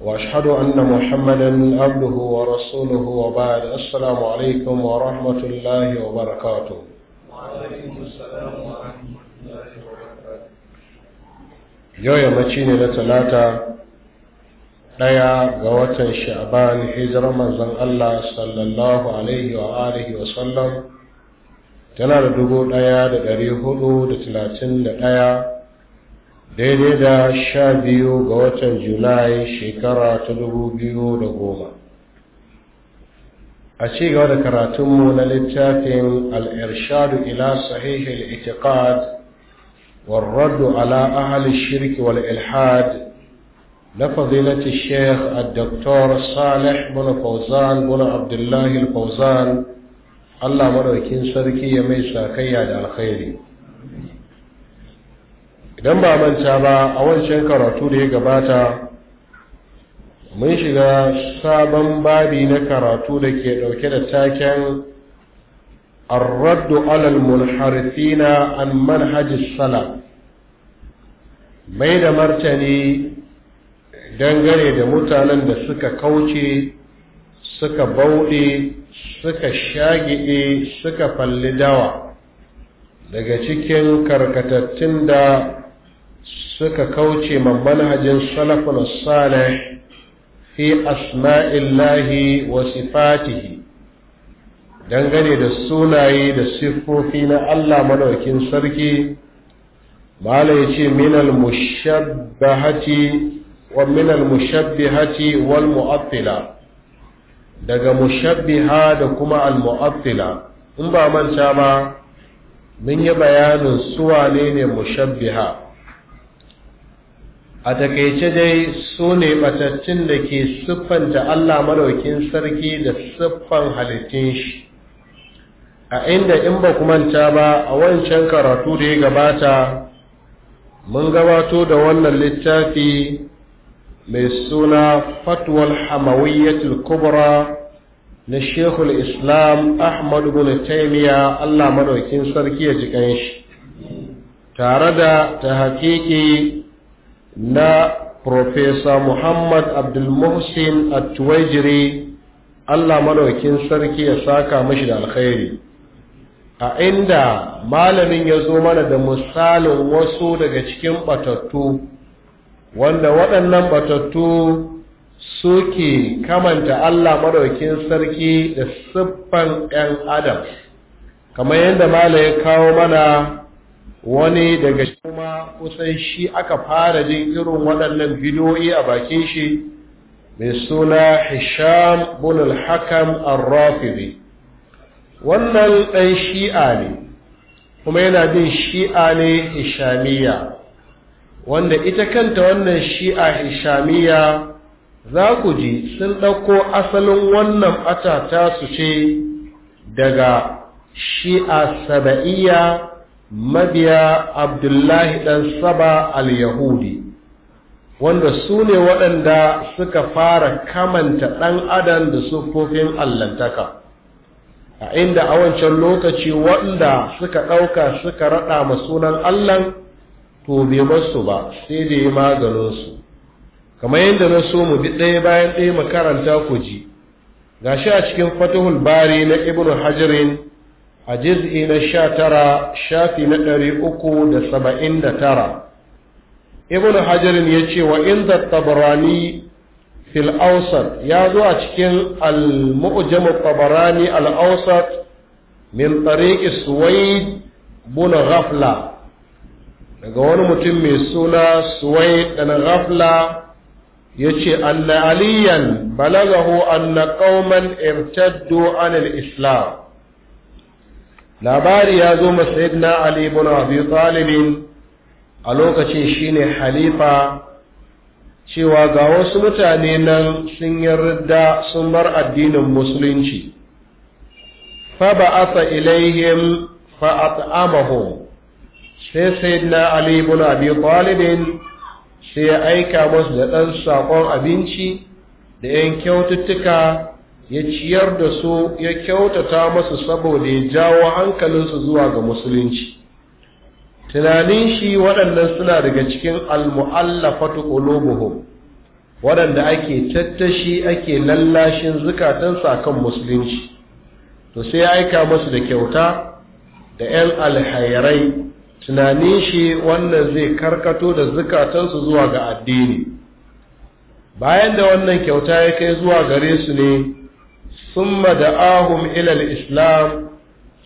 وأشهد أن محمدا عبده ورسوله وبعد السلام عليكم ورحمة الله وبركاته وعليكم السلام ورحمة الله وبركاته ɗaya ga watan sha'ban hijirar manzon Allah sallallahu alaihi wa alihi wa sallam tana da dubu ɗaya da ɗari hudu da talatin da ɗaya daidai da sha biyu ga watan julai shekara ta dubu biyu da goma a ci gaba da karatunmu na littafin al'irshadu ila sahihil itikad warraddu ala ahli shirki wal ilhad na fadilati sheikh a doktor salih bin fauzan bin abdullahi fauzan allah madaukin sarki ya mai sakayya da alkhairi idan ba manta ba a wancan karatu da ya gabata mun shiga sabon babi na karatu da ke ɗauke da taken arraddu alal munharifina an manhajis Sala. mai da martani dangane da mutanen da suka kauce suka bauɗe suka shagiɗe suka falli dawa daga cikin karkatattun da suka kauce ma manhajin salafun salih fi asma'illahi wa sifatihi dangane da sunaye da siffofi na Allah madaukin sarki mala ya ce minal mushabbihati wal mu'attila daga mushabbiha da kuma al mu'attila in ba manta ba mun yi bayanin suwa ne ne mushabbiha a takaice dai su ne batattun da ke siffanta Allah maɗaukin sarki da siffan halittun shi a inda in ba manta ba a wancan karatu da ya gabata mun gabato da wannan littafi mai suna fatwal hamawiyyatul kubra na shekul islam ahmad bin taimiya allah maɗaukin sarki ya jikan shi tare da ta hakiki na Profesa Muhammad Abdulmuhsin Atwajiri Allah madaukin sarki ya saka mashi da alkhairi a inda malamin ya zo mana da misalin wasu daga cikin batattu wanda waɗannan batattu suke kamanta Allah madaukin sarki da siffan ɗan adam kamar yadda malamin ya kawo mana wani daga kuma kusan shi aka fara jin irin waɗannan bidoyi a bakin shi mai suna hisham bin al-hakam wannan ɗan shi'a ne kuma yana bin shi'a ne hishamiya wanda ita kanta wannan shi'a hishamiya za ku ji sun ɗauko asalin wannan ɓata su ce daga shi'a saba'iya mabiya abdullahi ɗan saba al-yahudi wanda su ne waɗanda suka fara kamanta ɗan adam da siffofin allantaka a inda a wancan lokaci waɗanda suka ɗauka suka raɗa ma sunan allan to bai masu ba sai da maganinsu kamar yadda na so mu bi ɗaya bayan ɗaya makaranta ku ji gashi a cikin fatihul bari na ibnu hajirin a jiz'i na sha tara shafi na ɗari uku da saba'in da tara ibn hajarin ya ce wa inda tabarani fil ausat ya zo a cikin al-mu'jam tabarani al-ausat min tariqi suwaid bin ghafla daga wani mutum mai suna suwaid dan ghafla yace anna aliyan balagahu anna qauman irtaddu anil islam labari ya zo ma na ali ibn abi talib a lokacin shine halifa cewa ga wasu mutane nan sun yarda sun bar addinin musulunci fa ba'atha ilaihim fa at'amahum sai sayyidina ali ibn abi talib sai ya aika musu da dan sakon abinci da yan kyaututtuka ya ciyar da su ya kyautata masu saboda ya jawo hankalinsu zuwa ga musulunci tunanin shi waɗannan suna daga cikin almu'allafatu qulubuhum waɗanda ake tattashi ake lallashin zukatansu kan musulunci to sai ya aika masu da kyauta da 'yan alhairai tunanin shi wannan zai karkato da zukatansu zuwa ga addini bayan da wannan kyauta ya kai zuwa gare su ne ثم دعاهم إلى Islam,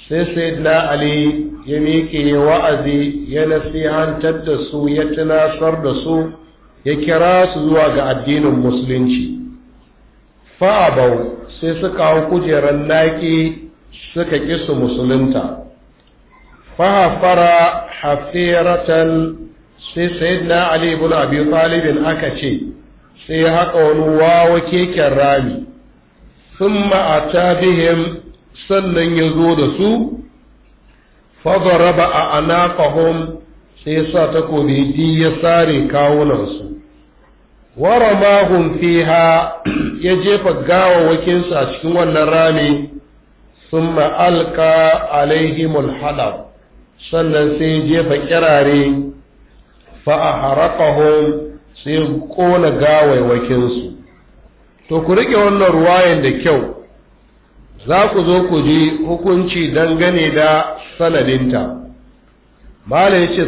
sai sayyidina ali ya miƙe ya wa'azi ya nasihantar da su ya tunasar da su ya kira su zuwa ga addinin musulunci fa'abau sai suka hau kujerar naƙi suka ƙi su musulunta fahafara hafiratan sai sayyidina ali ibn abi talibin aka ce sai ya haƙa wani wawa keken rami thumma atabihim sannan ya zo da su fadaraba a anaqahum sai sa takobi di ya sare kawunansu waramahum fiha ya jefa gawawakinsu a cikin wannan rami thumma alqa alaihimul hadab sannan sai ya jefa kirare fa aharaqahum sai kona gawawakinsu to ku rike wannan ruwayan da kyau za ku zo ku ji hukunci dangane da sanadinta mala ya ce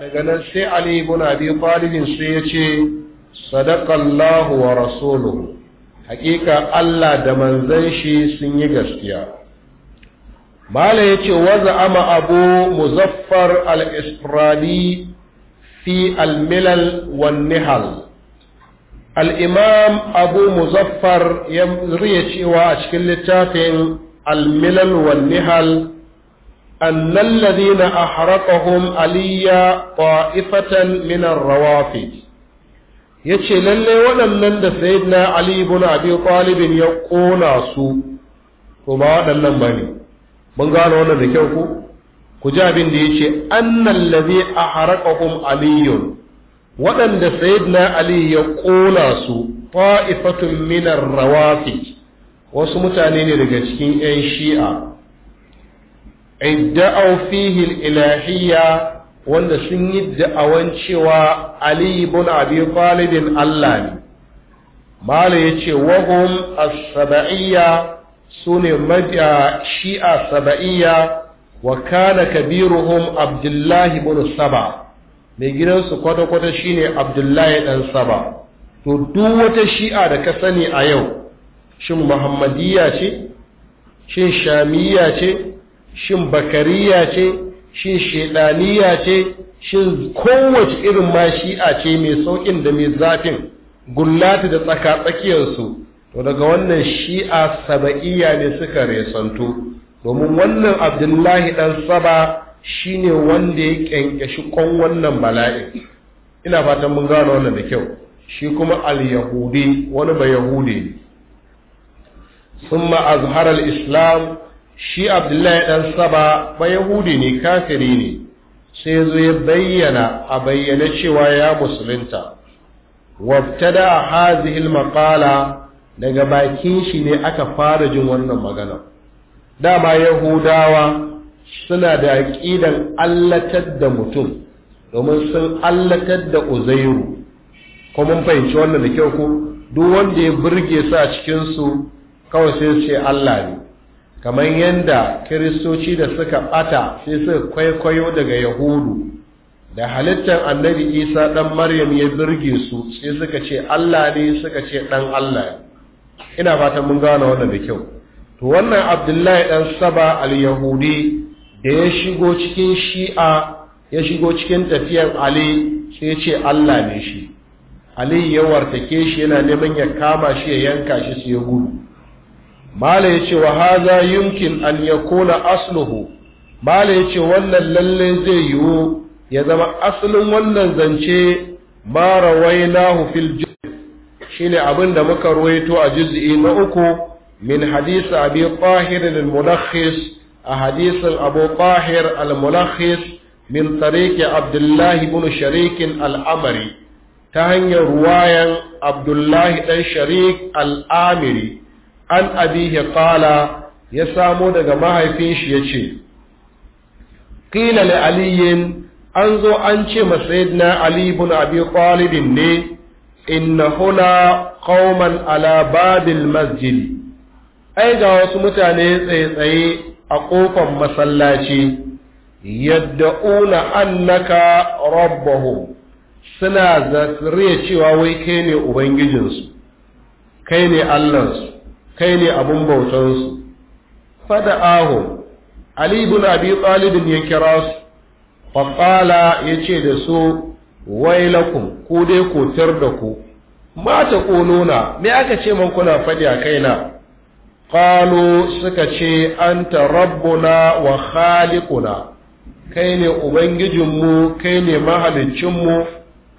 daga nan sai ali ibn abi talibin sai ya ce sadaqallahu wa rasuluhu hakika Allah da manzon shi sun yi gaskiya mala ya ce waza ama abu muzaffar al isradi fi al-milal wan nihal al'imam abu muzaffar ya riya cewa a cikin littafin almilal wal nihal annan ladina a haraƙahun aliyya ƙwa'ifatan minan rawafi ya ce lalle waɗannan da sayidina ali ibn abi talibin ya ƙona su to ba waɗannan ba mun gano wannan da kyau ku ku ji abin da ya ce annan ladina a haraƙahun aliyyun waɗanda sayyidina ali ya ƙona su fa'ifatun minar rawafi wasu mutane ne daga cikin 'yan shi'a idda'au fihi ilahiyya wanda sun yi da'awan cewa ali ibn abi talibin Allah ne ya ce wahum as sune mabiya shi'a sab'iyya wa kana kabiruhum abdullahi ibn saba mai gidansu kwata-kwata shine abdullahi ɗan saba to duk wata shi'a da ka sani a yau shin muhammadiyya ce shin shamiyya ce shin bakariya ce shin shedaniya ce shin kowace irin ma shi'a ce mai saukin da mai zafin gullata da tsaka-tsakiyarsu to daga wannan shi'a saba'iyya ne suka resanto domin wannan abdullahi ɗan saba Shi ne wanda ya kyankyashi kon wannan bala'in ina fatan mun gano wannan da kyau shi kuma al-yahudi wani ba yahudi ne summa azhar al-islam shi abdullahi ɗan saba ba yahudi ne kafiri ne sai zo ya bayyana a bayyana cewa ya musulunta wabtada a hazihil maqala daga bakin shi ne aka fara jin wannan magana dama yahudawa suna da aƙidan allatar da mutum domin sun allatar da uzairu ko fahimci wannan da kyau ko duk wanda ya burge su a cikinsu kawai sai ce Allah ne kamar yadda kiristoci da suka bata sai suka kwaikwayo daga yahudu da halittar annabi isa ɗan maryam ya birge su sai suka ce allah ne suka ce ɗan allah ina fatan mun gane wannan da kyau to wannan abdullahi ɗan saba al-yahudi da ya shigo cikin shi'a ya shigo cikin tafiyar ali sai ya ce allah ne shi ali ya wartake shi yana neman ya kama shi ya yanka shi su ya gudu mala ya ce wa haza yumkin an ya kona asluhu mala ya ce wannan lalle zai yiwu ya zama asalin wannan zance wai rawainahu fil juz shine abin da muka ruwaito a juz'i na uku min hadisi abi tahir al-munakhis a hadisin abu tahir al-mulakhis min tariki abdullahi bin sharikin al'amari ta hanyar ruwayan abdullahi ɗan sharik al'amiri an abihe kala ya samo daga mahaifin shi ya ce Ƙilale aliyin an zo an ce masayid na alibun abi ƙwalibin ne inna hula ƙauman alababin masjid ai ga wasu mutane tsaye-tsaye a ƙofan masallaci yadda una annaka rabbahu suna zariya cewa wai kai ne ubangijinsu kai ne allansu kai ne abin bautansu fada aho ali ibn abi talib ya kira su faqala yace da su wailakum ko dai kotar da ku mata ƙonona me aka ce man kuna faɗi a kaina qalu suka ce anta rabbuna wa khaliquna kai ne ubangijinmu kai ne mahalicinmu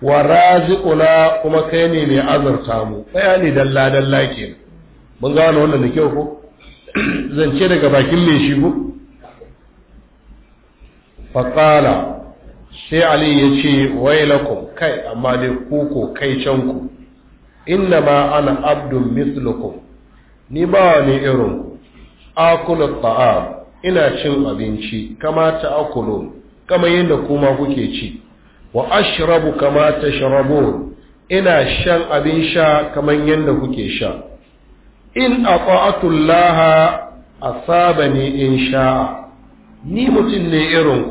wa raziquna kuma kai ne mai azurta mu bayani dalla dalla ke mun gano wannan da kyau ko zance daga bakin mai shigo faqala sai ali ya ce wailakum kai amma dai ko kai can ku inna ma ana abdun mislukum ni ba ni irin akulu ta'am ina cin abinci kama ta akulu kama yadda kuma kuke ci wa ashrabu kama tashrabun ina shan abin sha kaman yadda kuke sha in ata'atu asabani in sha'a ni mutum ne irin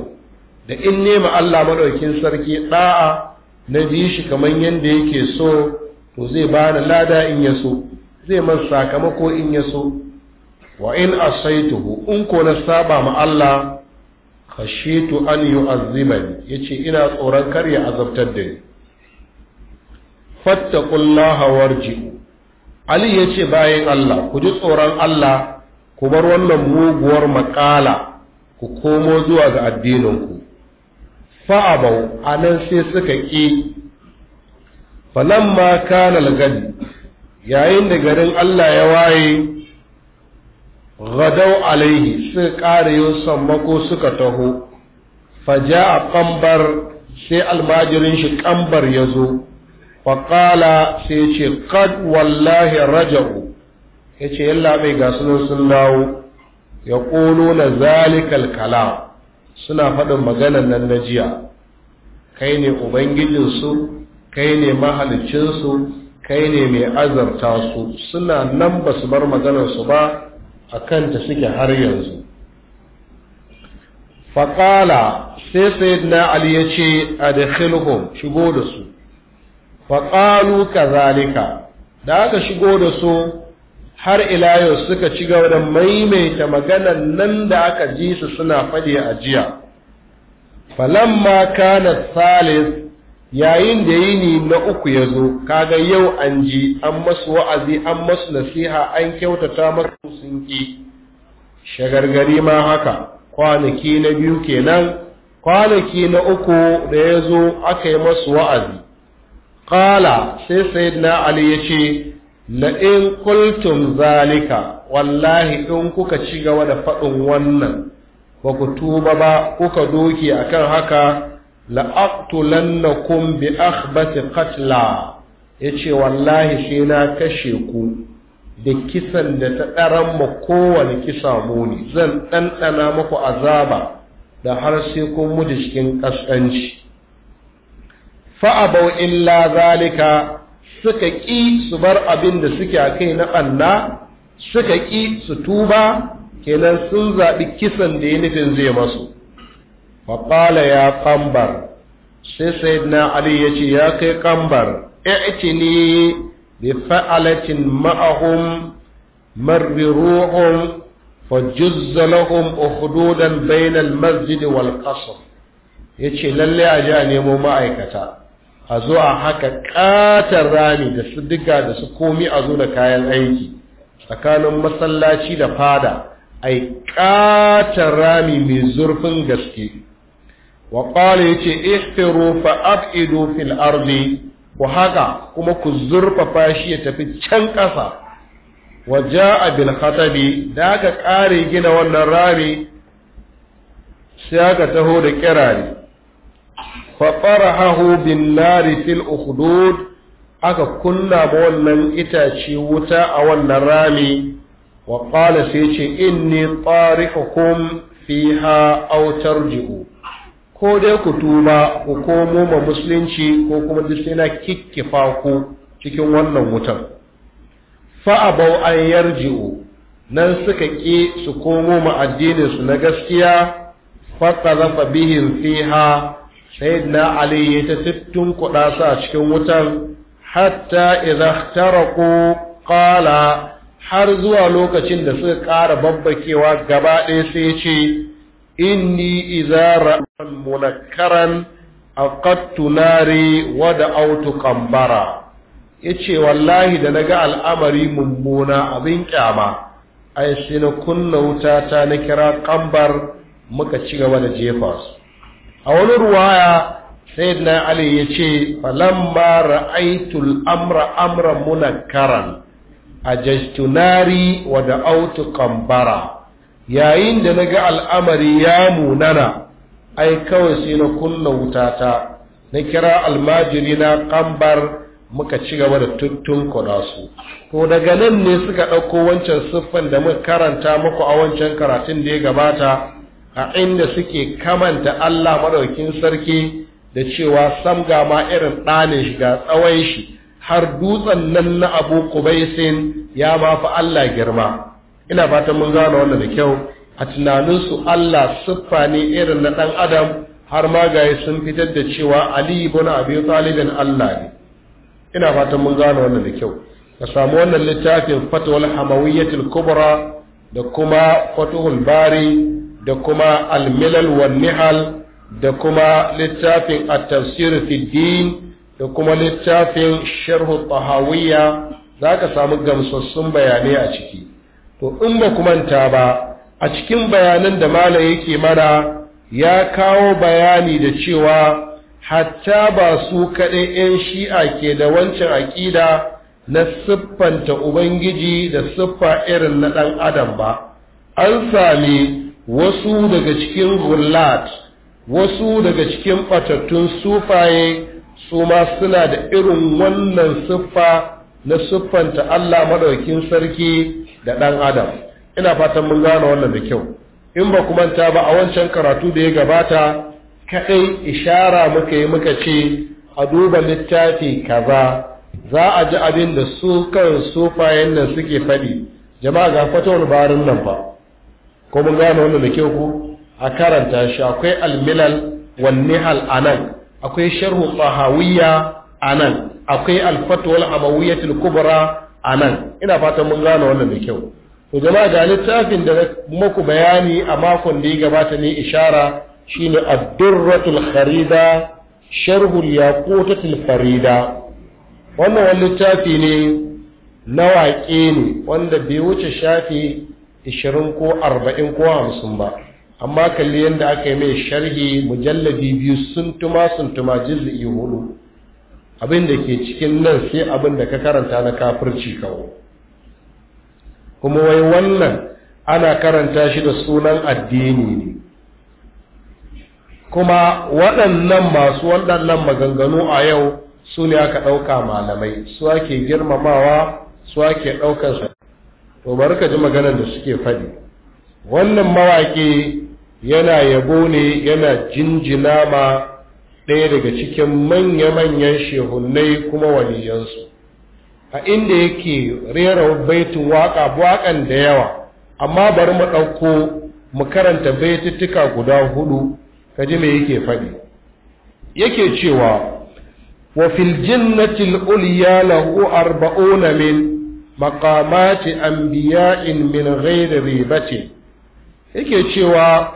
da in nema Allah madaukin sarki da'a na bi shi kaman yanda yake so to zai bani lada in ya so zai man sakamako in ya so wa in asaituhu in ko na saba ma Allah khashitu an yu'azzibani yace ina tsoron kar ya azabtar da ni fattaqullaha warji ali yace bayan Allah ku ji tsoron Allah ku bar wannan muguwar makala ku komo zuwa ga addininku abau anan sai suka ki falamma kana lagadi yayin da garin Allah ya waye gadau alaihi suka ƙare sammako suka taho faja a ƙambar sai almajirin shi ƙambar ya zo faƙala sai ce kad wallahi raja'u ya ce yalla mai sunan sun dawo ya ƙolo na zalikal kala suna faɗin maganar nan na jiya kai ne ubangijinsu kai ne mahalicinsu kai ne mai azarta su suna nan ba su bar maganarsu ba a kanta suke har yanzu faƙala sai na ali ya ce a da shigo da su faƙalu kazalika da aka shigo da su har ila yau suka ci gaba da maimaita maganar nan da aka ji su suna faɗi a jiya falamma kana salis yayin da yini na uku ya zo kaga yau an ji an masu wa'azi an masu nasiha an kyautata masu sun ƙi shagargari ma haka kwanaki na biyu kenan kwanaki na uku da ya zo aka yi masu wa'azi ƙala sai na ali ya ce in kultun zalika wallahi in kuka ci gaba da faɗin wannan ba ku tuba ba kuka doke akan haka la'aqtulannakum bi akhbati qatla yace wallahi shi na kashe ku da kisan da ta daran mu kowane kisa muni zan ɗanɗana muku azaba da har sai kun muji cikin ƙasƙanci fa'abau illa zalika suka ƙi su bar abin da suke a kai na ɓanna suka ƙi su tuba kenan sun zaɓi kisan da ya nufin zai masu faƙala ya ƙambar sai sayyidina ali ya ce ya kai ƙambar i'tini bi fa'alatin ma'ahum marbiruhum فجز لهم أخدودا بين المسجد والقصر yace lalle a ji a nemo ma'aikata a zo a haka katar rami da su diga da su komi a zo da kayan aiki tsakanin masallaci da fada a yi rami mai zurfin gaske wa qala yace ihfiru fa abidu fil ardi ku haka kuma ku zurfafa shi ya tafi can ƙasa wa a bil khatabi da aka ƙare gina wannan rami sai aka taho da kirare fa farahahu bin nari fil ukhdud aka kunna ba wannan itace wuta a wannan rami wa qala sai ce inni tarihukum fiha aw tarji'u ko dai ku tuba ku komo ma musulunci ko kuma duk sai na kikkifa ku cikin wannan wutan fa'abau an yarji'u nan suka ƙi su komo ma su na gaskiya fattarafa bihin fiha sayyidina na ali ya ta tattun kuɗa su a cikin wutan hatta ihtaraqu ƙala har zuwa lokacin da suka ƙara babbakewa gaba ɗaya sai ce inni idza ra'an munakkaran aqattu nari wa da'awtu qambara yace wallahi da naga al'amari mummuna abin kyama ai sai na kunna wuta ta na kira kambar muka ci gaba da jefa su a wani ruwaya sayyidina ali yace falamma ra'aytul amra amra munakkaran a jatunari wa da'awtu kambara. yayin da naga ga al'amari ya munana ai kawai sai na kunna wutata na kira almajiri na kambar muka ci gaba da tuttun kuɗa to daga nan ne suka ɗauko wancan siffan da muka karanta muku a wancan karatun da ya gabata a inda suke kamanta Allah maɗaukin sarki da cewa sam ga ma irin ɗane shi ga tsawon shi har dutsen nan na abu kubaisin ya ma fi Allah girma ina fatan mun gane wannan da kyau a tunaninsu Allah siffa ne irin na ɗan adam har magaye sun fitar da cewa Ali ibn Abi Talib Allah ne ina fatan mun gane wannan da kyau ka samu wannan littafin Fatwal Hamawiyyatul Kubra da kuma Fathul Bari da kuma Al-Milal wan Nihal da kuma littafin At-Tafsir fi Din da kuma littafin Sharh Tahawiyya zaka samu gamsassun bayanai a ciki to in ba ku manta ba a cikin bayanan da Malam yake mara ya kawo bayani da cewa hatta ba su kaɗai 'yan shi'a ke da wancan aƙida na siffanta ubangiji da siffa irin na ɗan adam ba an sami wasu daga cikin gullat wasu daga cikin ɓatattun sufaye su ma suna da irin wannan siffa na siffanta allah maɗaukin sarki da ɗan adam ina fatan mun gane wannan da kyau in ba ku manta ba a wancan karatu da ya gabata kaɗai ishara muka yi muka ce a duba littafi kaza za a ji abin da su kan sufayen nan suke faɗi jama'a ga fatawar barin nan ba ko mun gane wannan da kyau ku a karanta shi akwai almilal wanne anan. akwai sharhu tsahawiyya anan akwai alfatwal amawiyatul kubra a nan ina fatan mun gano wannan da kyau to jama'a ga littafin da muku bayani a makon da ya gabata ne ishara shine ad-durratul kharida sharhul yaqutatul farida wannan wani littafi ne na waƙe ne wanda bai wuce shafi 20 ko 40 ko 50 ba amma kalli yadda aka yi mai sharhi mujallabi biyu sun tuma sun tuma jilli hudu abin da ke cikin nan sai abin da ka karanta na kafirci kawo kuma wai wannan ana karanta shi da sunan addini ne kuma waɗannan masu waɗannan maganganu a yau su ne aka ɗauka malamai su ake girmamawa su ake ɗaukansa to bari ka ji maganar da suke faɗi wannan mawaƙi yana yabo ne yana jinjina ma ɗaya daga cikin manya-manyan shehunai kuma waliyansu a inda yake rera baitin waka waƙan da yawa amma bari mu ɗauko mu karanta baitittuka guda hudu ka ji me yake faɗi yake cewa wa fil jinnati al-ulya lahu arba'una min maqamati anbiya'in min ghairi ribati yake cewa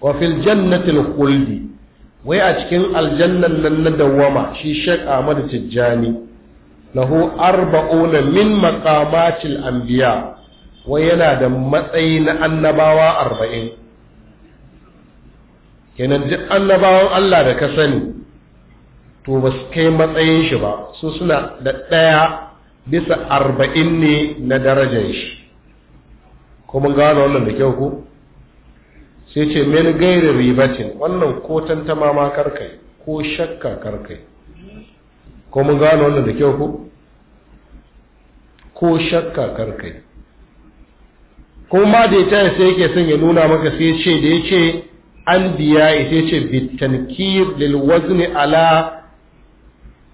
wa fil jannati al-khuldi wai a cikin aljannan nan na dawwama shi shek Ahmad Tijjani lahu arba'una min maqamatil anbiya wai yana da matsayi na annabawa arba'in kenan duk annabawan Allah da ka sani to ba su kai matsayin shi ba su suna da ɗaya bisa arba'in ne na darajar shi kuma gano wannan da kyau ku sai ce min gairi ribatin wannan ko tantama ma karkai ko shakka karkai ko mun gano wannan da kyau ko ko shakka karkai kuma da ita sai yake son ya nuna maka sai ce da ya ce an biya ita ce bitankir lil wazni ala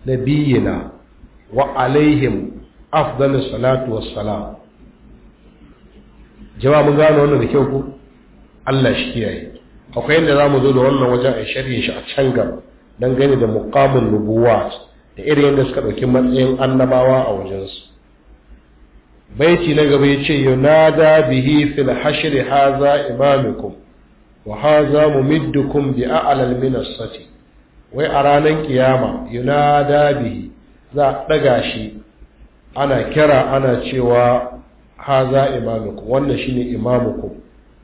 nabiyina wa alaihim afdalus salatu wassalam jama'a mun gano wannan da kyau ko Allah shi kiyaye akwai yadda zamu zo da wannan wajen a sharhi shi a can gaba dan gani da muqamin nubuwa da irin yadda suka ɗauki matsayin annabawa a wajen su baiti na gaba yace ce yunada bihi fil hashri haza imamukum wa haza mumiddukum bi a'la min as-sati wai a ranar kiyama yunada bihi za a daga shi ana kira ana cewa haza imamukum wannan shine imamukum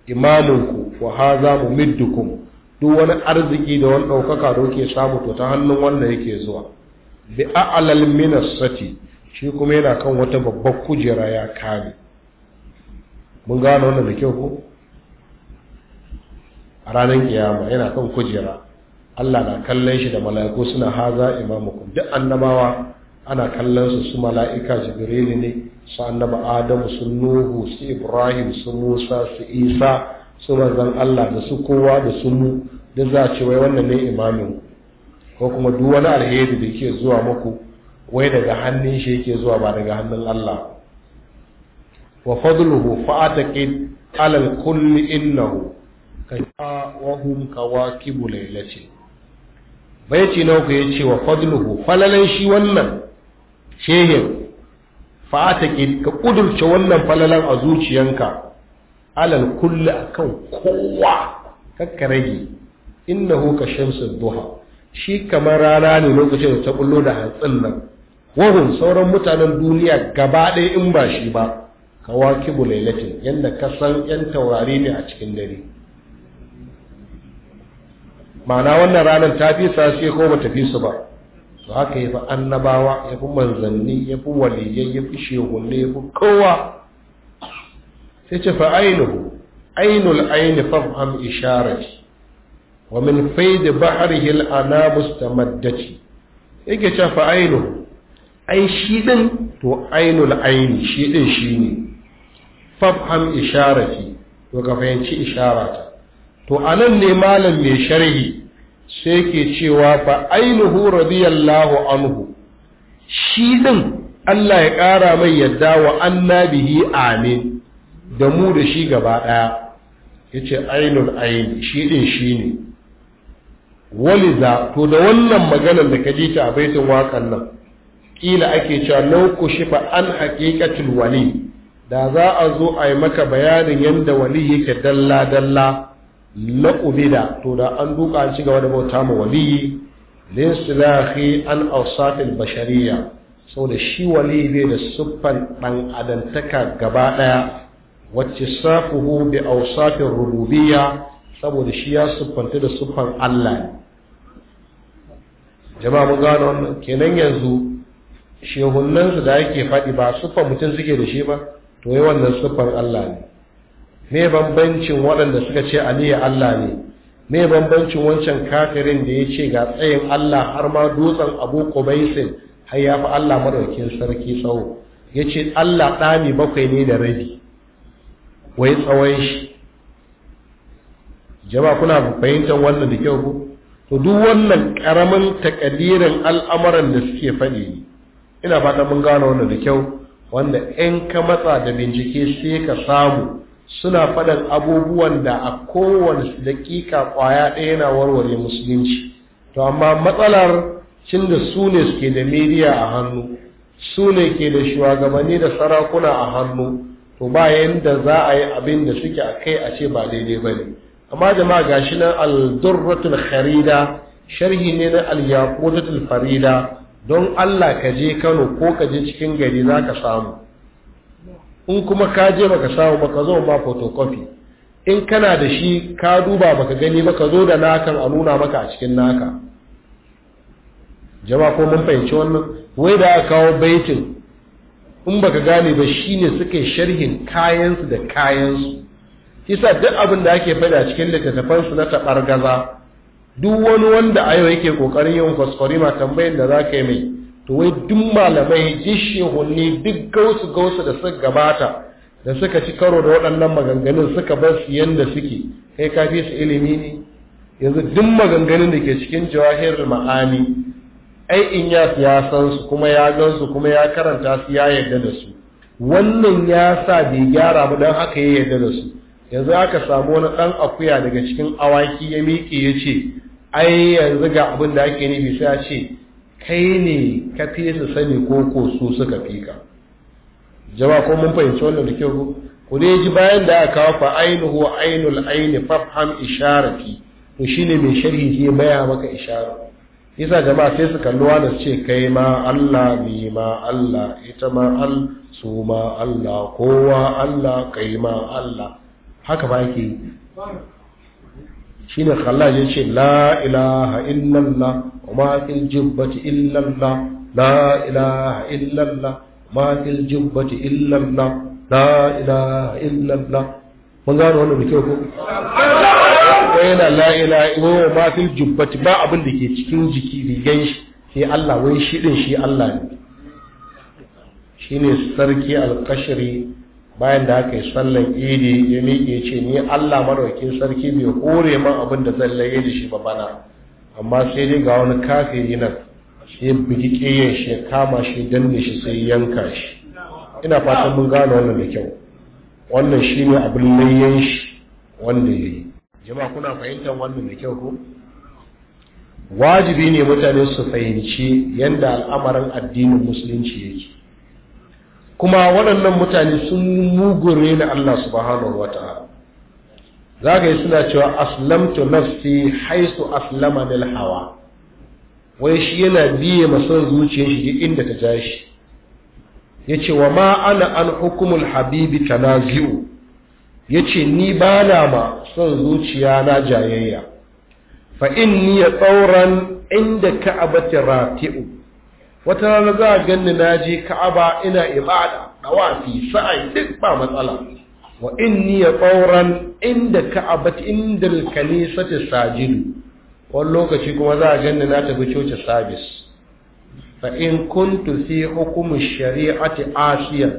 imaminku wa haza mumiddukum duk wani arziki da wani ɗaukaka da kuke samu to ta hannun wanda yake zuwa bi a'lal Sati shi kuma yana kan wata babbar kujera ya kame mun gano wannan da kyau ko a ranar kiyama yana kan kujera Allah na kallon shi da mala'iku suna haza imamukum duk annabawa ana kallon su su mala'ika jibrilu ne su annaba adamu su nuhu su ibrahim su musa su isa su manzan allah da su kowa da su mu da za a ce wai wannan ne imamin ko kuma duk wani alheri da ke zuwa muku wai daga hannun shi yake zuwa ba daga hannun allah wa fadluhu fa'ataqid alal kulli innahu hum kawakibu laylati bayti na yace wa fadluhu falalan shi wannan shehin fataki ka kudurce wannan falalan a zuciyanka alal kulli akan kowa kakka rage innahu ka shamsu duha shi kamar rana ne lokacin da ta bullo da hatsin nan wahun sauran mutanen duniya gaba ɗaya in ba shi ba Ka kawaki bulailatin yadda ka san yan taurari ne a cikin dare ma'ana wannan ranar ta fi sa ko ba ta fi su ba to haka yafi annabawa yafi manzanni yafi waliyai yafi shehunne yafi kowa sai ce fa ainihu ainul aini fafham isharati wa min faid bahrihi al-anabus tamaddati yake ce fa ainihu ai shi din to ainul aini shi din shine fafham isharati to ka fahimci isharata to anan ne malam mai sharhi sai ke cewa fa ainihu radiyallahu anhu shi din Allah ya ƙara mai yadda wa annabihi amin da mu da shi gaba ɗaya ya ce ainul aini shi ɗin shi ne waliza to da wannan maganar da ka ji ta a baitin waƙan nan ƙila ake cewa lauku fa an haƙiƙatin wali da za a zo a yi maka bayanin yadda wali yake dalla-dalla da to da an duka an ci gaba da bauta ma waliyi silahi an ausafin bashariya saboda shi waliyi bai da siffan ɗan adantaka gaba ɗaya wacce safuhu bi ausafin rububiyya saboda shi ya siffanta da siffan Allah ne jama'a mun gano wannan kenan yanzu shehunansu da yake faɗi ba siffan mutum suke da shi ba to yi wannan siffan Allah ne me bambancin waɗanda suka ce aliyu Allah ne me bambancin wancan kafirin da ya ce ga tsayin Allah har ma dutsen abu kubaisin har ya fi Allah maɗaukin sarki tsawo ya ce Allah ɗami bakwai ne da rabi wai tsawon shi jama kuna fahimtar wannan da kyau ku to duk wannan ƙaramin takadirin al'amuran da suke faɗi ina fata mun gano wannan da kyau wanda in ka matsa da bincike sai ka samu suna faɗan abubuwan da a kowane daƙiƙa ƙwaya ɗaya yana warware musulunci to amma matsalar cin da su ne suke da media a hannu su ne ke da shugabanni da sarakuna a hannu to ba yadda za a yi abin da suke a kai a ce ba daidai ba ne amma jama'a ga shi nan aldurratul kharida sharhi ne na al farida don Allah ka je Kano ko ka je cikin gari za ka samu in kuma ka je baka samu baka zo ma photocopy in kana da shi ka duba baka gani baka zo da nakan a nuna maka a cikin naka jama'a ko mun fahimci wannan wai da aka kawo baitin in baka gane ba shine suke sharhin kayansu da kayansu Kisa duk abin da ake faɗi a cikin littattafansu na taɓar gaza duk wani wanda a yau yake ƙoƙarin yin fosforima tambayin da za ka yi mai to wai duk malamai ji shehunni duk gausu gausu da suka gabata da suka ci karo da waɗannan maganganun suka bar su yanda suke kai ka fi su ilimi ne yanzu duk maganganun da ke cikin jawahir ma'ani ai in ya ya san su kuma ya gan su kuma ya karanta su ya yarda da su wannan ya sa bai gyara ba don haka ya yarda da su yanzu aka samu wani ɗan akuya daga cikin awaki ya miƙe ya ce ai yanzu ga abin da ake nufi sai a ce kai ne ka fi su sani ko ko su suka fi ka jama'a ko mun fahimci wannan da kyau ku ne ji bayan da aka kawo fa ainihu ainul aini fafham isharati to shine mai sharhi ke baya maka ishara yasa jama'a sai su kalli wani ce kai ma Allah ni ma Allah ita ma al su ma Allah kowa Allah kai ma Allah haka ba yake shine khallaje ce la ilaha illallah وما في الجبة إلا الله لا إله إلا الله ما في الجبة إلا الله لا إله إلا الله mun gano wannan da kyau ko ko yana la ilaha ma fil jubbat ba abin da ke cikin jiki rigan shi sai Allah wai shi din shi Allah ne shine sarki alkashiri bayan da aka yi sallan idi ya miƙe ce ni Allah madaukakin sarki bai hore man abin da zan laye da shi ba bana amma sai dai ga wani kafiri nan sai bugi ƙiyan shi ya kama shi danne shi sai yanka shi ina fatan mun gane wannan da kyau wannan shi ne abin layyan shi wanda ya yi jama'a kuna fahimtar wannan da kyau ko wajibi ne mutane su fahimci yadda al'amarin addinin musulunci yake kuma waɗannan mutane sun mugure na Allah subhanahu wa ta'ala za ka yi suna cewa aslamtu nafsi haisu aslama lil hawa wai shi yana biye masan zuciyar shi inda ta ja shi ya ce wa ma ana an hukumul habibi tanazi'u ya ce ni ba na ma son zuciya na jayayya fa ni ya tsauran inda ta rafi'u wata rana za a ganni na je ka'aba ina ibada dawafi sa'ai duk ba matsala wa inni ya tsauran inda ka'abat inda kanisati sajidu wani lokaci kuma za a ganni na tafi coci sabis fa in kuntu fi hukumin shari'ati asiya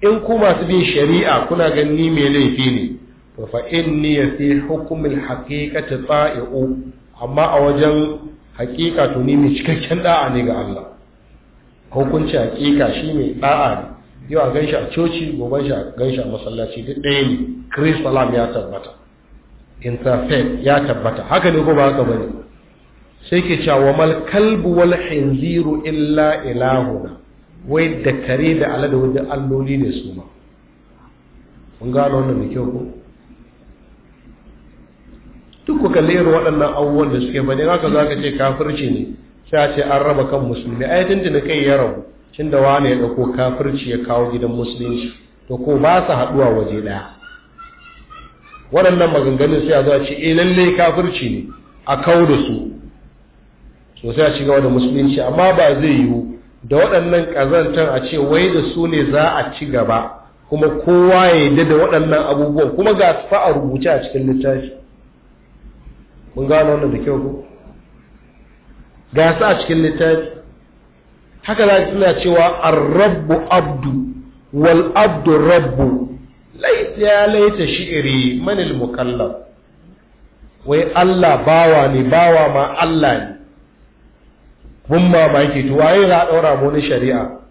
in ku masu bin shari'a kuna ganni mai laifi ne to fa inni ya fi hukumin ta tsa'i'u amma a wajen haƙiƙa tuni ni mai cikakken da'a ne ga Allah hukunci haƙiƙa shi mai da'a ne yau a gaishe a coci gobe shi a gaishe a masallaci duk ɗaya ne chris salam ya tabbata interfaith ya tabbata haka ne ko ba haka ne. sai ke cewa mal kalbu wal hinziru illa ilahuna wai da kare da alada wajen alloli ne su ma kun gano wannan da kyau ko duk ku kalli irin waɗannan abubuwan da suke bane haka za ka ce kafirci ne sai a ce an raba kan musulmi ayatin da kai ya rabu cin da wane ya ɗauko kafirci ya kawo gidan musulunci to ko ba su haɗuwa waje ɗaya waɗannan maganganun sai a zuwa ce eh lallai kafirci ne a kawo da su to sai a ci gaba da musulunci amma ba zai yiwu da waɗannan ƙazantar a ce wai da su ne za a ci gaba kuma kowa ya yi da waɗannan abubuwan kuma ga su fa a rubuce a cikin littafi mun gano wannan da kyau ko ga su a cikin littafi haka za suna cewa ar-rabbu abdu wal abdu rabbu laita ya laita shi'iri manil mukallaf wai Allah bawa ne bawa ma Allah ne mun yake to waye za a daura mu ni shari'a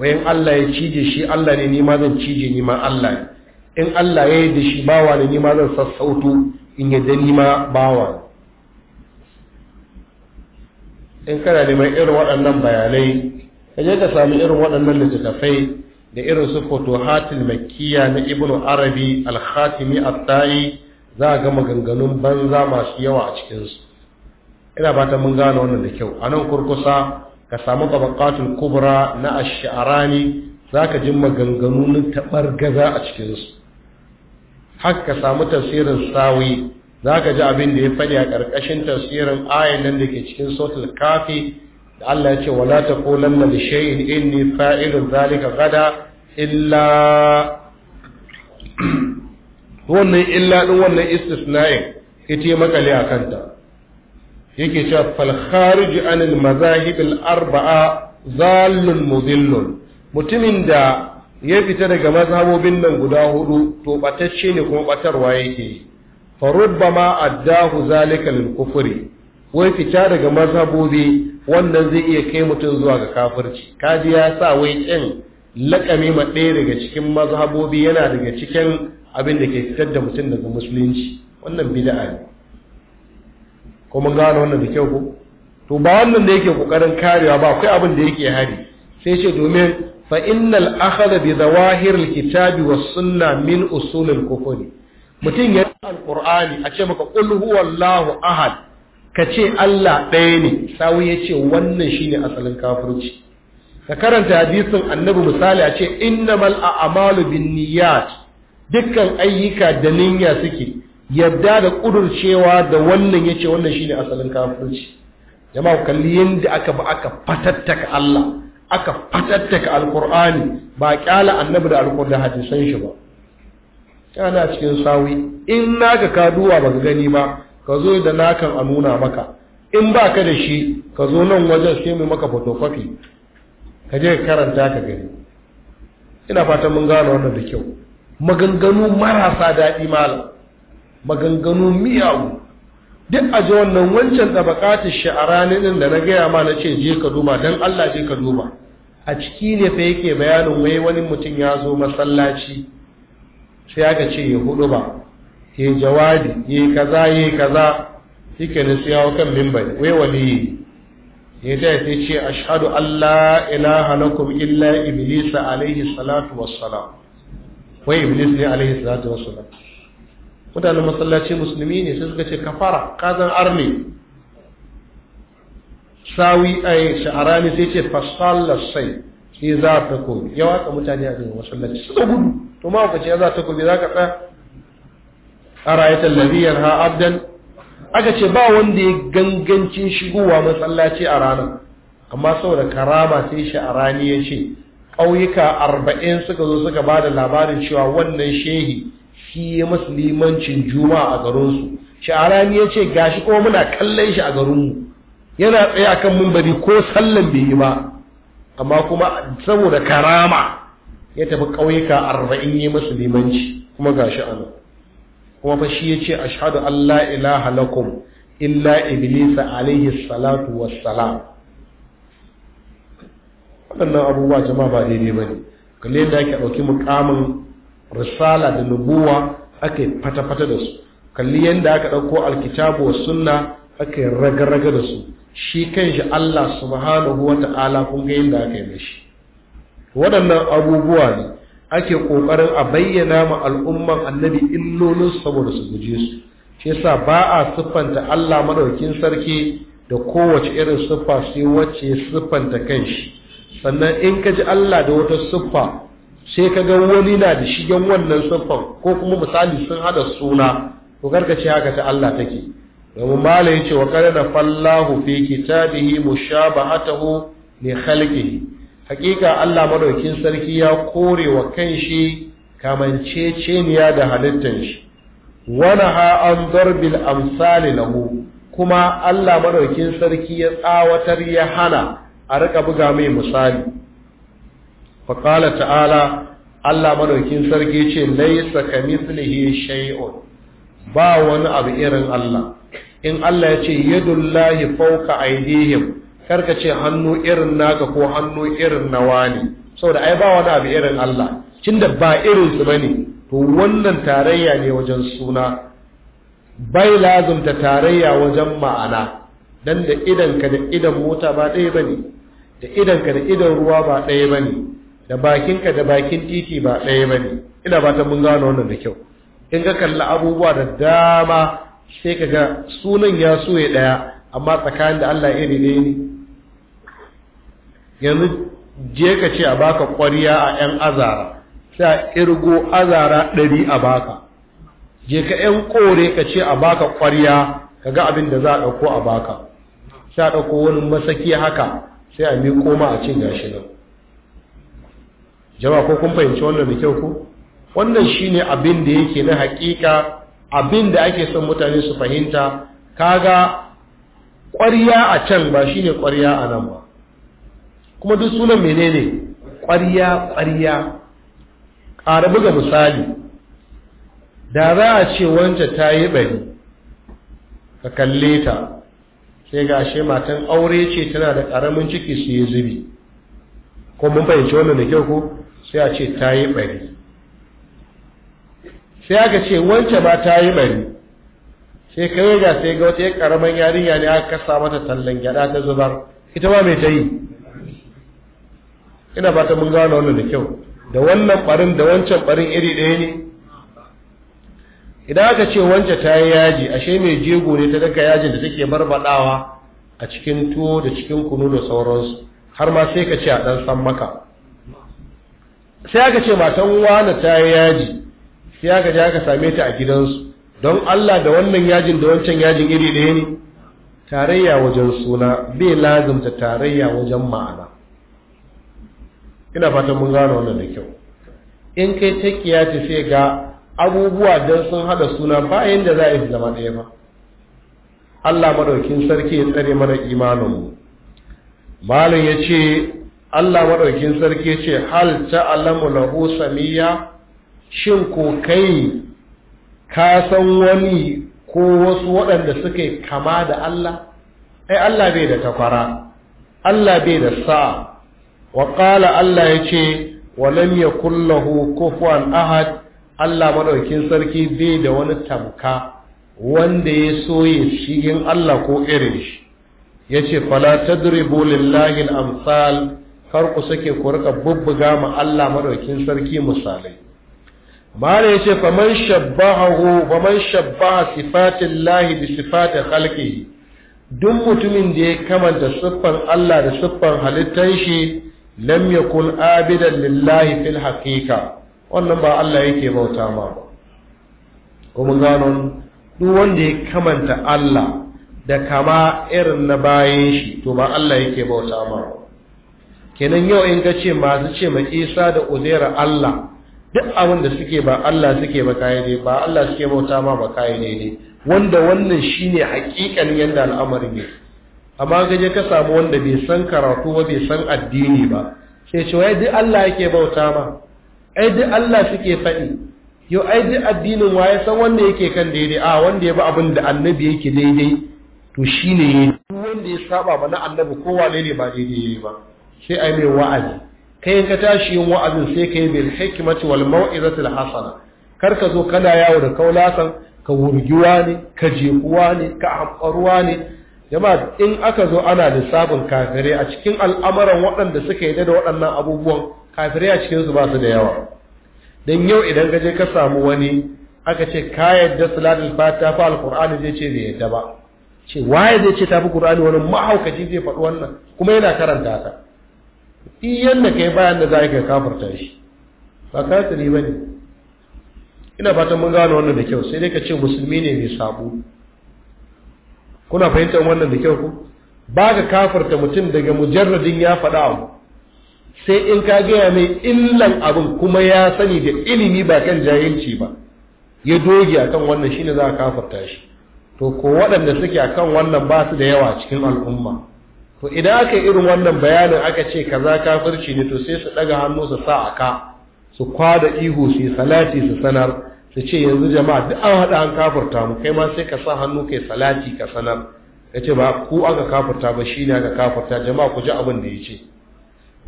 wai in Allah ya cije shi Allah ne ni ma zan cije ni ma Allah ne in Allah ya yi da shi bawa ne ni ma zan sassauto in yadda ni ma bawa ne in kana neman irin waɗannan bayanai ka je ka sami irin waɗannan littattafai da irin su fotohatil Makiya na ibnu arabi al attai at-tayi za ga maganganun banza masu yawa a cikinsu ina fatan mun gane wannan da kyau a nan kurkusa ka samu tabaqatul kubra na ash-sha'rani zaka ji maganganun tabar gaza a cikinsu. su ka samu tafsirin sawi za ka ji abin da ya faɗi a ƙarƙashin tasirin ayan nan da ke cikin sotar kafi da Allah ya ce wa ta kolan na da shayin inni fa'ilun zalika gada illa wannan illa ɗin wannan istisna'in ita ya makale a kanta yake cewa falhariji anil mazahibil arba'a zallun muzillun mutumin da ya fita daga mazhabobin nan guda hudu to ɓatacce ne kuma batarwa yake yi farubbama addahu zalika lil kufri wai fita daga mazhabobi wannan zai iya kai mutum zuwa ga kafirci kaji ya sa wai kin lakami ma ɗaya daga cikin mazhabobi yana daga cikin abin da ke fitar da mutum daga musulunci wannan bid'a ne ko mun gano wannan da kyau ko to ba wannan da yake kokarin karewa ba akwai abin da yake hari sai ce domin fa innal akhadha bi zawahir alkitabi was sunna min usulil kufri mutum ya alƙur'ani a ce maka ƙulhu wallahu ahad ka ce Allah ɗaya ne sawu ya ce wannan shi ne asalin kafirci ka karanta hadisin annabi misali a ce innamal a'malu binniyat dukkan ayyuka da niyya suke yadda da ƙudurcewa da wannan ya ce wannan shi ne asalin kafirci ku kalli yadda aka ba aka fatattaka Allah aka fatattaka alƙur'ani ba kyala annabi da alqur'ani da hadisan shi ba kana cikin sawi in naka ka duwa baka gani ba ka zo da nakan a nuna maka in baka da shi ka zo nan wajen sai mu maka photocopy ka je ka karanta ka gani ina fatan mun gano wannan da kyau maganganu marasa daɗi malam maganganu miyawu duk a ji wannan wancan da a sha'arani din da na gaya ma na ce je ka duba don Allah je ka duba a ciki ne fa yake bayanin wai wani mutum ya zo masallaci sai aka ce ya hudu ba ya jawabi ya yi kaza ya yi kaza shike ne su yawo kan mimbari wai yi ya ta yi ce a an Allah ila lakum illa iblis alaihi salatu wassalam wai iblis ne alaihi salatu wassalam mutanen masallaci musulmi ne sai suka ce kafara kazan arni sawi a sha'ara ne sai ce fasallar sai sai za ta ko yawa ka mutane a cikin masallaci suka gudu to ma ka ce za ta gobe za ka tsaya a rayu labiyar ha abdan aka ce ba wanda ya gangancin shigowa masallaci a ranar amma saboda karama sai shi a rani ya ce ƙauyuka arba'in suka zo suka ba da labarin cewa wannan shehi shi ya musulmancin juma'a a garinsu shi a rani ya ce gashi kuma muna kallon shi a garinmu yana tsaye kan mumbari ko sallan bai yi ba amma kuma saboda karama ya tafi ƙauyuka arba'in yi masu limanci kuma ga shi ana kuma fa shi ya ce a shahadu Allah ilaha lakum illa iblisa alaihi salatu wassalam waɗannan abubuwa jama'a ba daidai ba ne kalle yadda ake ɗauki mukamin risala da nubuwa aka yi fata-fata da su kalli yadda aka ɗauko alkitabu wa sunna aka yi raga-raga da su shi kan shi Allah subhanahu wa ta'ala kun ga yadda aka yi shi. waɗannan abubuwa ne ake ƙoƙarin a bayyana ma al'umman annabi illolin saboda su guje su shi yasa ba a siffanta Allah maɗaukin sarki da kowace irin siffa sai wacce siffanta shi, sannan in ka ji Allah da wata siffa sai ka ga wani na da shigen wannan siffan ko kuma misali sun hada suna ko karkace haka ta Allah take domin mala yace wa qala fallahu fi kitabihi mushabahatahu li khalqihi hakika Allah madaukin sarki ya kore wa kanshi kamanceceniya da halittan shi ha an darbil amsali mu. kuma Allah madaukin sarki ya tsawatar ya hana a rika buga mai misali faqala ta'ala Allah madaukin sarki ce laysa kamithlihi shay'un ba wani abu irin Allah in Allah ya ce yadullahi fawqa aydihim karka ce hannu irin naka ko hannu irin na wani saboda ai ba wani abu irin Allah tunda ba irin su bane to wannan tarayya ne wajen suna bai ta tarayya wajen ma'ana dan da idan ka da idan mota ba ɗaya bane da idan ka da idan ruwa ba ɗaya bane da bakin ka da bakin titi ba ɗaya bane ina ba ta mun gano wannan da kyau in ka kalli abubuwa da dama sai ka ga sunan ya so ɗaya amma tsakanin da Allah iri ne ne yanzu je ka ce a baka ƙwariya a 'yan azara sai a ƙirgo azara ɗari a baka je ka 'yan ƙore ka ce a baka ƙwariya ka ga abin da za a ɗauko a baka sai a ɗauko wani masaki haka sai a mi koma a cin gashi nan jama'a ko kun fahimci wannan da kyau ko wannan shine abin da yake na haƙiƙa abin da ake son mutane su fahimta kaga ƙwarya a can ba shine ƙwarya a nan ba kuma duk sunan menene ƙwarya ƙwarya Ƙara buga ga misali da za a ce wancan ta yi bari ka kalle ta sai ga shi matan aure ce tana da ƙaramin ciki su yi zubi ko mun fahimci wannan da kyau ko sai a ce ta yi bari sai aka ce wancan ma ta yi bari sai kai ga sai ga wata ƙaramin yarinya ne aka kasa mata tallan gyada ta zubar ita ma mai ta yi ina ba ta mun gane wannan da kyau da wannan barin da wancan barin iri ɗaya ne idan aka ce wance ta yi yaji ashe mai jego ne ta daka yajin da take barbaɗawa a cikin tuwo da cikin kunu da sauransu har ma sai ka ce a ɗan san maka sai aka ce matan wane ta yi yaji sai aka je aka same ta a gidansu don Allah da wannan yajin da wancan yajin iri ɗaya ne tarayya wajen suna bai lazumta tarayya wajen ma'ana ina fatan mun gane wannan da kyau in kai ta sai ga abubuwa don sun haɗa suna ba da za a yi zama ɗaya ba Allah maɗaukin sarki ya tsare mana imanin mu malam ce Allah maɗaukin sarki ya ce, hal ta alamu na samiya shin ko kai ka san wani ko wasu waɗanda suka kama da Allah ai Allah bai da takwara Allah bai da sa'a wa qala Allah yace walam yakul lahu kufuwan ahad Allah Maɗaukin sarki bai da wani tamka wanda ya soye shi in Allah ko irin shi yace fala tadribu lillahi al-amsal kar ku sake ku rika bubbuga ma Allah madaukin sarki misalai mala yace faman shabbahu man shabbaha lahi bi sifati khalqihi duk mutumin da ya kamanta siffar Allah da siffar halittar shi lam yakun abidan lillahi fil haqiqa wannan ba Allah yake bauta ma ba kuma gano duk wanda ya kamanta Allah da kama irin na bayan shi to ba Allah yake bauta ma ba kenan yau in ka ce masu ce ma Isa da Uzaira Allah duk abin da suke ba Allah suke ba kai ne ba Allah suke bauta ma ba kai ne ne wanda wannan shine haƙiƙan yanda al'amarin yake amma ga ka samu wanda bai san karatu ba bai san addini ba sai ce wai duk Allah yake bauta ma ai duk Allah suke faɗi yau ai duk addinin waye san wanda yake kan daidai a wanda ya bi abin da annabi yake daidai to shine yi. wanda ya saba ba na annabi ko ne ne ba daidai ba sai ai mai wa'azi kai ka tashi yin wa'azin sai ka yi bil hikmati wal mau'izati al hasana kar ka zo kana yawo da kaulasan ka wurgiwa ne ka jekuwa ne ka hamɓaruwa ne jama'a in aka zo ana lissafin kafirai a cikin al'amuran waɗanda suka yi da waɗannan abubuwan kafirai a cikinsu ba su da yawa don yau idan ka je ka samu wani aka ce ka yadda salatul ta fa alqur'ani zai ce bai yadda ba ce waye zai ce ta fi qur'ani wani mahaukaci zai faɗi wannan kuma yana karanta ta iyan da kai bayan da za ka kafirta shi ba kafiri bane ina fatan mun gano wannan da kyau sai dai ka ce musulmi ne mai sabo kuna fahimtar wannan da kyau ku ba ka kafarta mutum daga mujarradin ya faɗa abu sai in ka gaya mai illan abin kuma ya sani da ilimi ba kan jahilci ba ya doge akan wannan shine za a kafarta shi to ko waɗanda suke akan wannan ba su da yawa cikin al'umma to idan aka yi irin wannan bayanin aka ce kaza kafirci ne to sai su ɗaga hannu su sa aka su kwada ihu su yi salati su sanar ta ce yanzu jama'a duk an haɗa an kafarta mu kai ma sai ka sa hannu kai salati ka sanar Ya ce ba ku aka kafarta ba shi ne aka kafarta jama'a ku ji abin da ya ce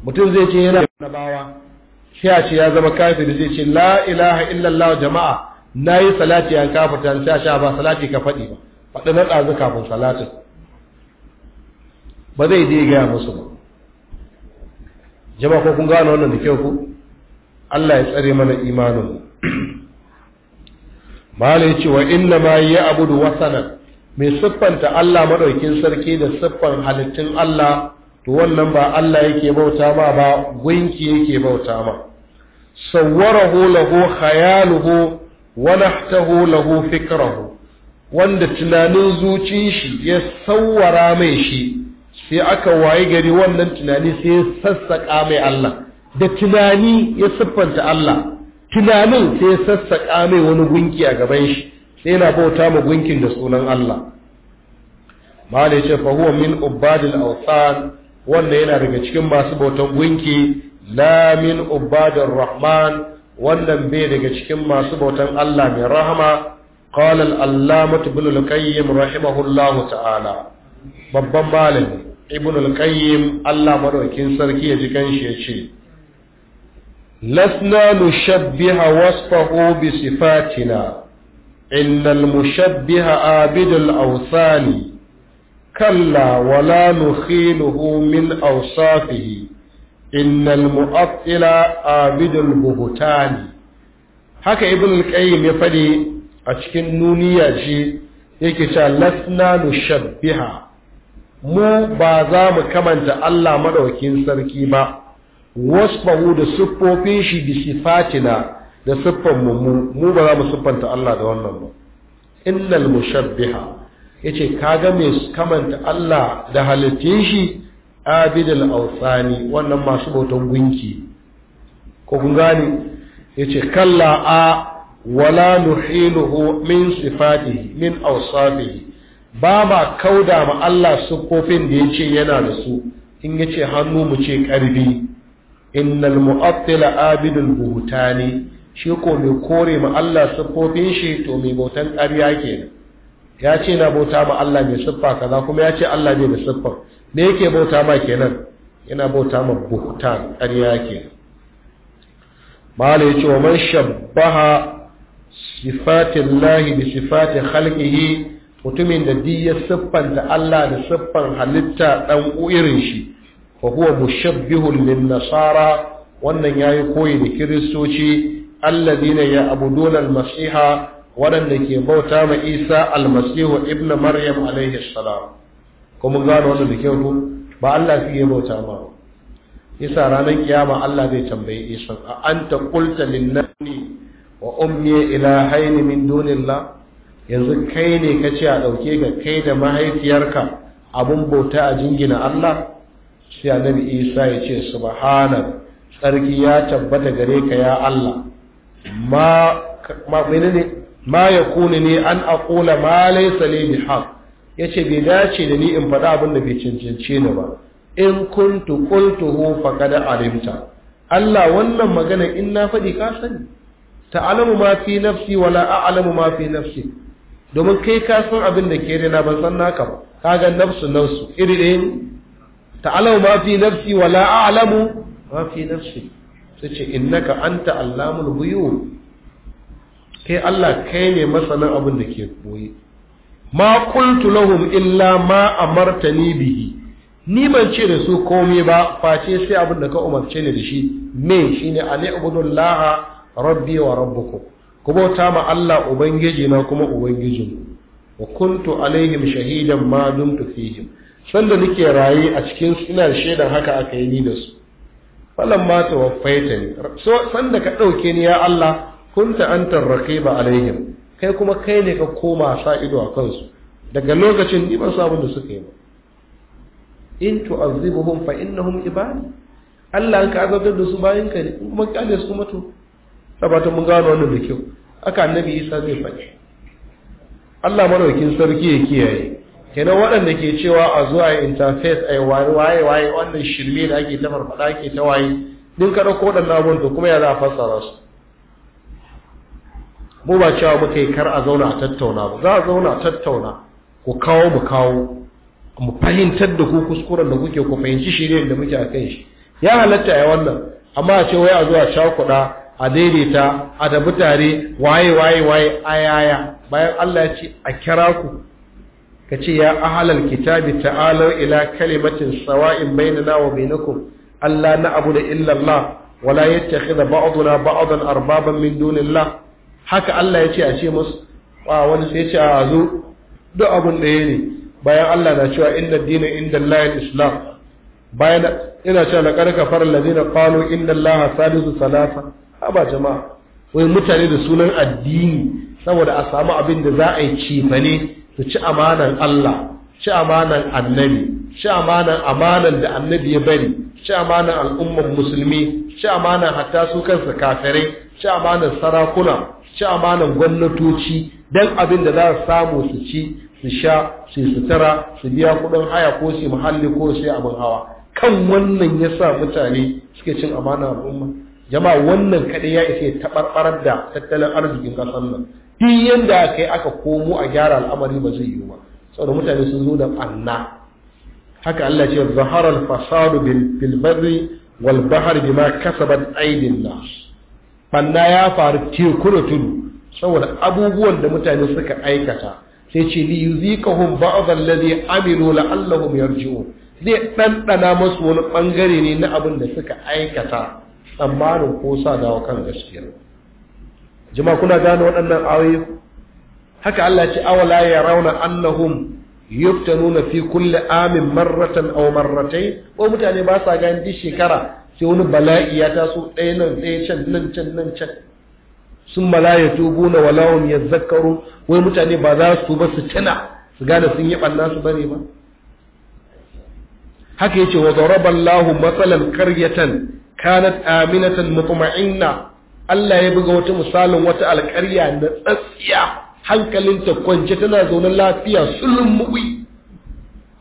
mutum zai ce yana nabawa sai a ce ya zama kafiri zai ce la ilaha illallah jama'a na yi salati an kafarta sai a sha ba salati ka faɗi ba faɗi na ɗazu kafin salatin ba zai je gaya musu ba jama'a ko kun gane wannan da kyau ku Allah ya tsare mana imaninmu malai ce wa inna ma ya abudu wasanan mai siffanta Allah madaukin sarki da siffan halittun Allah to wannan ba Allah yake bauta ma ba gunki yake bauta ma sawwarahu lahu khayaluhu wa nahtahu lahu fikrahu wanda tunanin zuci shi ya sawwara mai shi sai aka waye gari wannan tunani sai ya sassaka mai Allah da tunani ya siffanta Allah tunanin sai sassaƙa mai wani gunki a gaban shi sai yana bauta ma gunkin da sunan Allah malai ce fa huwa min ubadil awsan wanda yana daga cikin masu bautan gunki la min ubadir rahman wannan bai daga cikin masu bautan Allah mai rahama qala al-allamah ibn al-qayyim rahimahullahu ta'ala babban malami ibn al-qayyim Allah madaukin sarki ya ji kanshi ya ce لسنا نشبه وصفه بصفاتنا إن المشبه عابد الأوثان كلا ولا نخيله من أوصافه إن المؤطل عابد البهتان haka ibn al-qayyim ya fadi a cikin nuniya ce yake cewa lasna nushabbiha mu ba za mu kamanta Allah madaukakin sarki ba wasbahu da siffofin shi bi sifatina da siffan mu mu ba za mu siffanta Allah da wannan ba innal mushabbiha yace kaga mai kamanta Allah da halittun shi abidul awsani wannan masu bautan gunki ko kun gane yace kalla a wala nuhiluhu min sifatihi min awsabihi ba ba kauda ma Allah siffofin da yace yana da su in yace hannu mu ce karbi innal mu'attila abidul buhutani shi ko mai kore ma Allah siffofin shi to mai bautan ƙarya ke ya ce na bauta ma Allah mai siffa kaza kuma ya ce Allah bai da siffa me yake bauta ma kenan yana bauta ma buhutan ƙarya ke mala yace wa man shabbaha sifatillahi bi sifati khalqihi mutumin da duk ya siffanta Allah da siffan halitta dan irin shi fa huwa mushabbihun lin nasara wannan yayi koyi da kiristoci alladina ya'buduna al-masiha waɗanda ke bauta ma Isa almasihu ibnu maryam alaihi salam kuma gano wannan da kyau ko ba Allah ke bauta ma Isa ranar kiyama Allah zai tambaye Isa a anta qulta lin wa ummi ilahaini min dunillah yanzu kai ne kace a dauke ka kai da mahaifiyarka abun bauta a jingina Allah sai annabi isa ya ce subhanak tsarki ya tabbata gare ka ya Allah ma menene ma kuni ne an akula ma bi haq Ya ce bai dace da ni in faɗa abin da bai cancance ni ba in kuntu qultuhu faqad alimta Allah wannan magana in na faɗi ka sani alamu ma fi nafsi wala a'lamu ma fi nafsi domin kai ka san abin da ke rena ban san naka ba kaga nafsu nafsu iri ɗaya ta'alau ma fi nafsi wa la a'lamu ma fi nafsi sai ce innaka anta allamul ghuyub kai Allah kai ne masanin abin da ke boye ma qultu lahum illa ma amartani bihi ni ban ce da su komai ba face sai abin da ka umarce ni da shi me shine ali abudullaha rabbi wa rabbukum ku bauta ma Allah ubangiji na kuma ubangijin wa kuntu alaihim shahidan ma dumtu fihim sanda nake raye a cikin su ina shaidan haka aka yi ni da su falan ma tawaffaita ni so sanda ka dauke ni ya Allah kunta antar raqiba alaihim kai kuma kai ne ka koma sa ido a kansu daga lokacin ni ban sabon da suka yi ba in azibuhum fa innahum ibadi Allah an ka azabtar da su bayan ka ne kuma kyale su kuma to sabata mun gano wannan da kyau aka annabi Isa zai faɗi Allah maraukin sarki ya kiyaye kenan waɗanda ke cewa a zuwa ya interface a yi waye waye wannan shirme da ake ta farfada ake ta waye din ka ɗauko waɗannan abun to kuma ya za a fassara su mu ba cewa muka yi kar a zauna a tattauna ba za a zauna a tattauna ku kawo mu kawo mu fahimtar da ku kuskuren da kuke ku fahimci shirin da muke a kan shi ya halatta ya wannan amma a ce wai a zuwa cakuɗa a daidaita a tafi tare waye waye waye ayaya bayan Allah ya ce a kira ku ka ce ya ahalal kitabi ta'alau ila kalimatin sawa'in bainana wa bainakum alla na'budu illa Allah wa la yattakhidha ba'duna ba'dan arbaban min dunillah haka Allah ya ce a ce musu wa wani sai ya ce a zo duk abun da ne bayan Allah na cewa inna dina inda Allah islam bayan ina cewa na karka far allazina qalu inna Allah salisu salasa haba jama'a wai mutane da sunan addini saboda a samu abin da za a yi cifane su ci amanan Allah ci amanan annabi ci amanan amanan da annabi ya bari ci amanan al'ummar musulmi ci amanan hatta su kansu kafirai ci amanan sarakuna ci amanan gwamnatoci don abin da za su samu su ci su sha su sutura su biya kudin haya ko su muhalli ko su abin hawa kan wannan ya sa mutane suke cin amanan al'umma jama'a wannan kaɗai ya isa taɓarɓarar da tattalin arzikin ƙasar nan duk yanda aka yi aka komo a gyara al'amari ba zai yi ba saboda mutane sun zo da anna haka Allah ce zaharar al-fasadu bil barri wal bahri bima kasabat aydin nas banna ya faru teku da tudu saboda abubuwan da mutane suka aikata sai ce li yuziqahum ba'd alladhi amilu la'allahum yarji'un zai ɗanɗana masu wani ɓangare ne na abin da suka aikata tsammanin ko sa dawo kan gaskiya jama'a kuna gane waɗannan ayoyi haka Allah ce awala ya rauna annahum yuftanuna fi kulli amin marratan aw marratayn ko mutane ba sa gani duk shekara sai wani bala'i ya taso ɗaya nan ɗaya can nan can nan can sun malaya tubu na walawun ya zakaru wai mutane ba za su ba su tuna su gane sun yi ɓanna su bane ba haka yace wa zaraballahu matsalan karyatan kanat aminatan mutuma'inna Allah ya buga wata misalin wata alƙarya na tsatsiya hankalinta kwance tana zaune lafiya sulun mubi.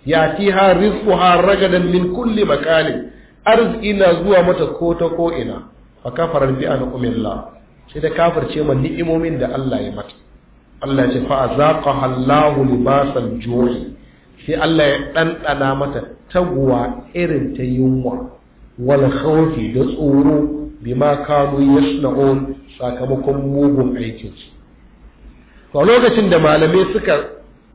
ya ti ha rizku ha ragadan min kulli makani arziki na zuwa mata ko ta ko ina fa kafarar bi an umilla sai ta kafirce ma ni'imomin da Allah ya mata Allah ya ce fa azaqa Allahu libasal ju'i sai Allah ya ɗanɗana mata taguwa irin ta yunwa wal khawfi da tsoro bima kanu yasna'un sakamakon mugun aikin su to lokacin da malamai suka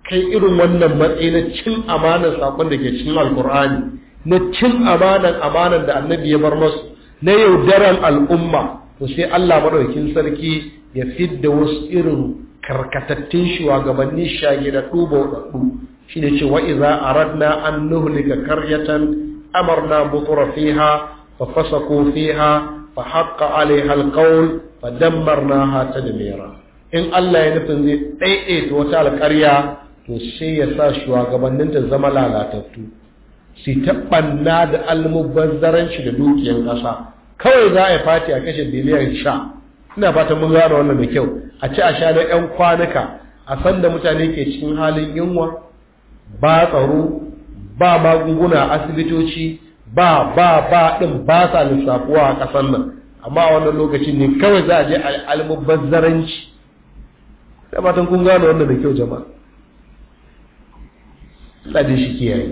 kai irin wannan matsayi na cin amanan sakon da ke cikin alkur'ani na cin amanan amanar da annabi ya bar masu na yaudaran al'umma to sai Allah madaukakin sarki ya fidda wasu irin karkatattun shugabanni shagidaddu bauɗaɗɗu shi ne ce wa'iza a radna an nuhlika karyatan amarna butura fiha fa fasako fiha fa haqqa alaiha alqawl fa dammarnaha tadmira in Allah ya nufin zai ɗaiɗe ta wata alƙarya to sai ya sa shugabanninta zama lalatattu su taɓanna da shi da dukiyar ƙasa kawai za a yi fati a kashe biliyan sha ina fata mun gano wannan da kyau a ci a sha na 'yan kwanuka a sanda mutane ke cikin halin yunwa ba tsaro ba magunguna a asibitoci ba ba ba din ba sa lissafuwa a ƙasar nan amma a wannan lokacin ne kawai za a je almubazzaranci da tun kun gano wannan da kyau jama'a Allah dai shi kiyaye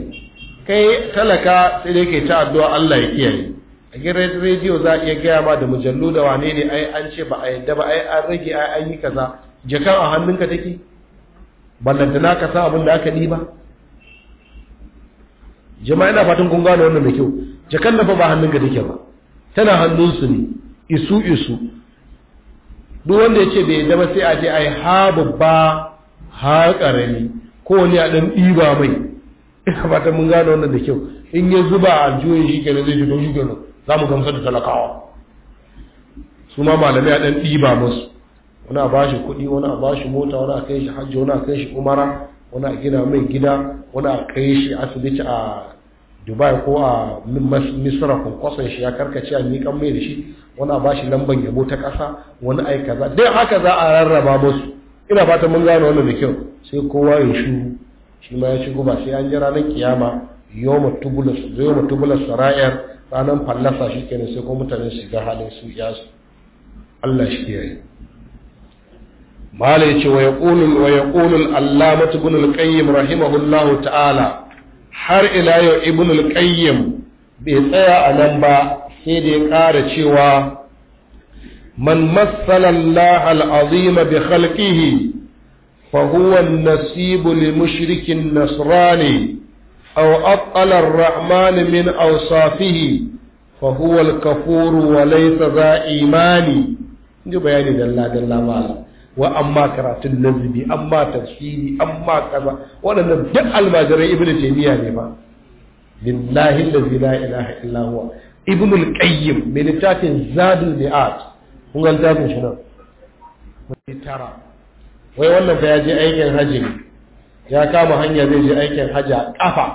kai talaka sai dai kai ta addu'a Allah ya kiyaye a gidan rediyo za a iya gaya ma da mujallu da wane ne ai an ce ba a yadda ba ai an rage ai an yi kaza jakan a hannunka take ballantana ka sa abin da aka ɗiba jama'a ina fatan kun gane wannan da kyau jakan na fa ba hannun ga take ba tana hannun su ne isu isu duk wanda ya ce bai zama sai a je a yi ha babba ha ƙarami ko wani a ɗan diba mai ina fatan mun gane wannan da kyau in ya zuba a juyin shi kenan zai fito shi kenan za mu gamsar da talakawa su ma malamai a ɗan ɗiba musu wani a bashi kuɗi wani a bashi mota wani a kai shi hajji wani a kai shi umara wani a gina mai gida wani a kai shi asibiti a dubai ko a misra kwasan shi ya karkace a miƙan mai da shi wani a ba shi lamban yabo ta ƙasa wani ai kaza dai haka za a rarraba musu ina fata mun gano wannan da kyau sai kowa ya shuru shi ma ya ci guba sai an jira na kiyama yawma tubulus yawma tubulus sara'ir ranar fallasa shi kenan sai kuma mutane su ga halin su ya su Allah shi yi. mala yace ce wa ya ƙunin allah ibn ƙayyim rahimahullahu ta'ala har ila yau ibn al-qayyim bai tsaya a nan ba sai dai ya ƙara cewa man massala Allah al-azim bi khalqihi fa huwa an-nasib li mushrikin nasrani aw aqala ar-rahman min awsafihi fa huwa al-kafur wa laysa za imani inji bayani dalla dalla mala wa amma karatun nazbi amma tafsiri amma kaza waɗannan duk almajirai ibnu taymiya ne ba billahi allazi la ilaha illa huwa ibnu al min littafin zadul mi'at kun ga littafin shi nan wai tara wai wannan fa ya je aikin haji ya kama hanya zai je aikin haji a kafa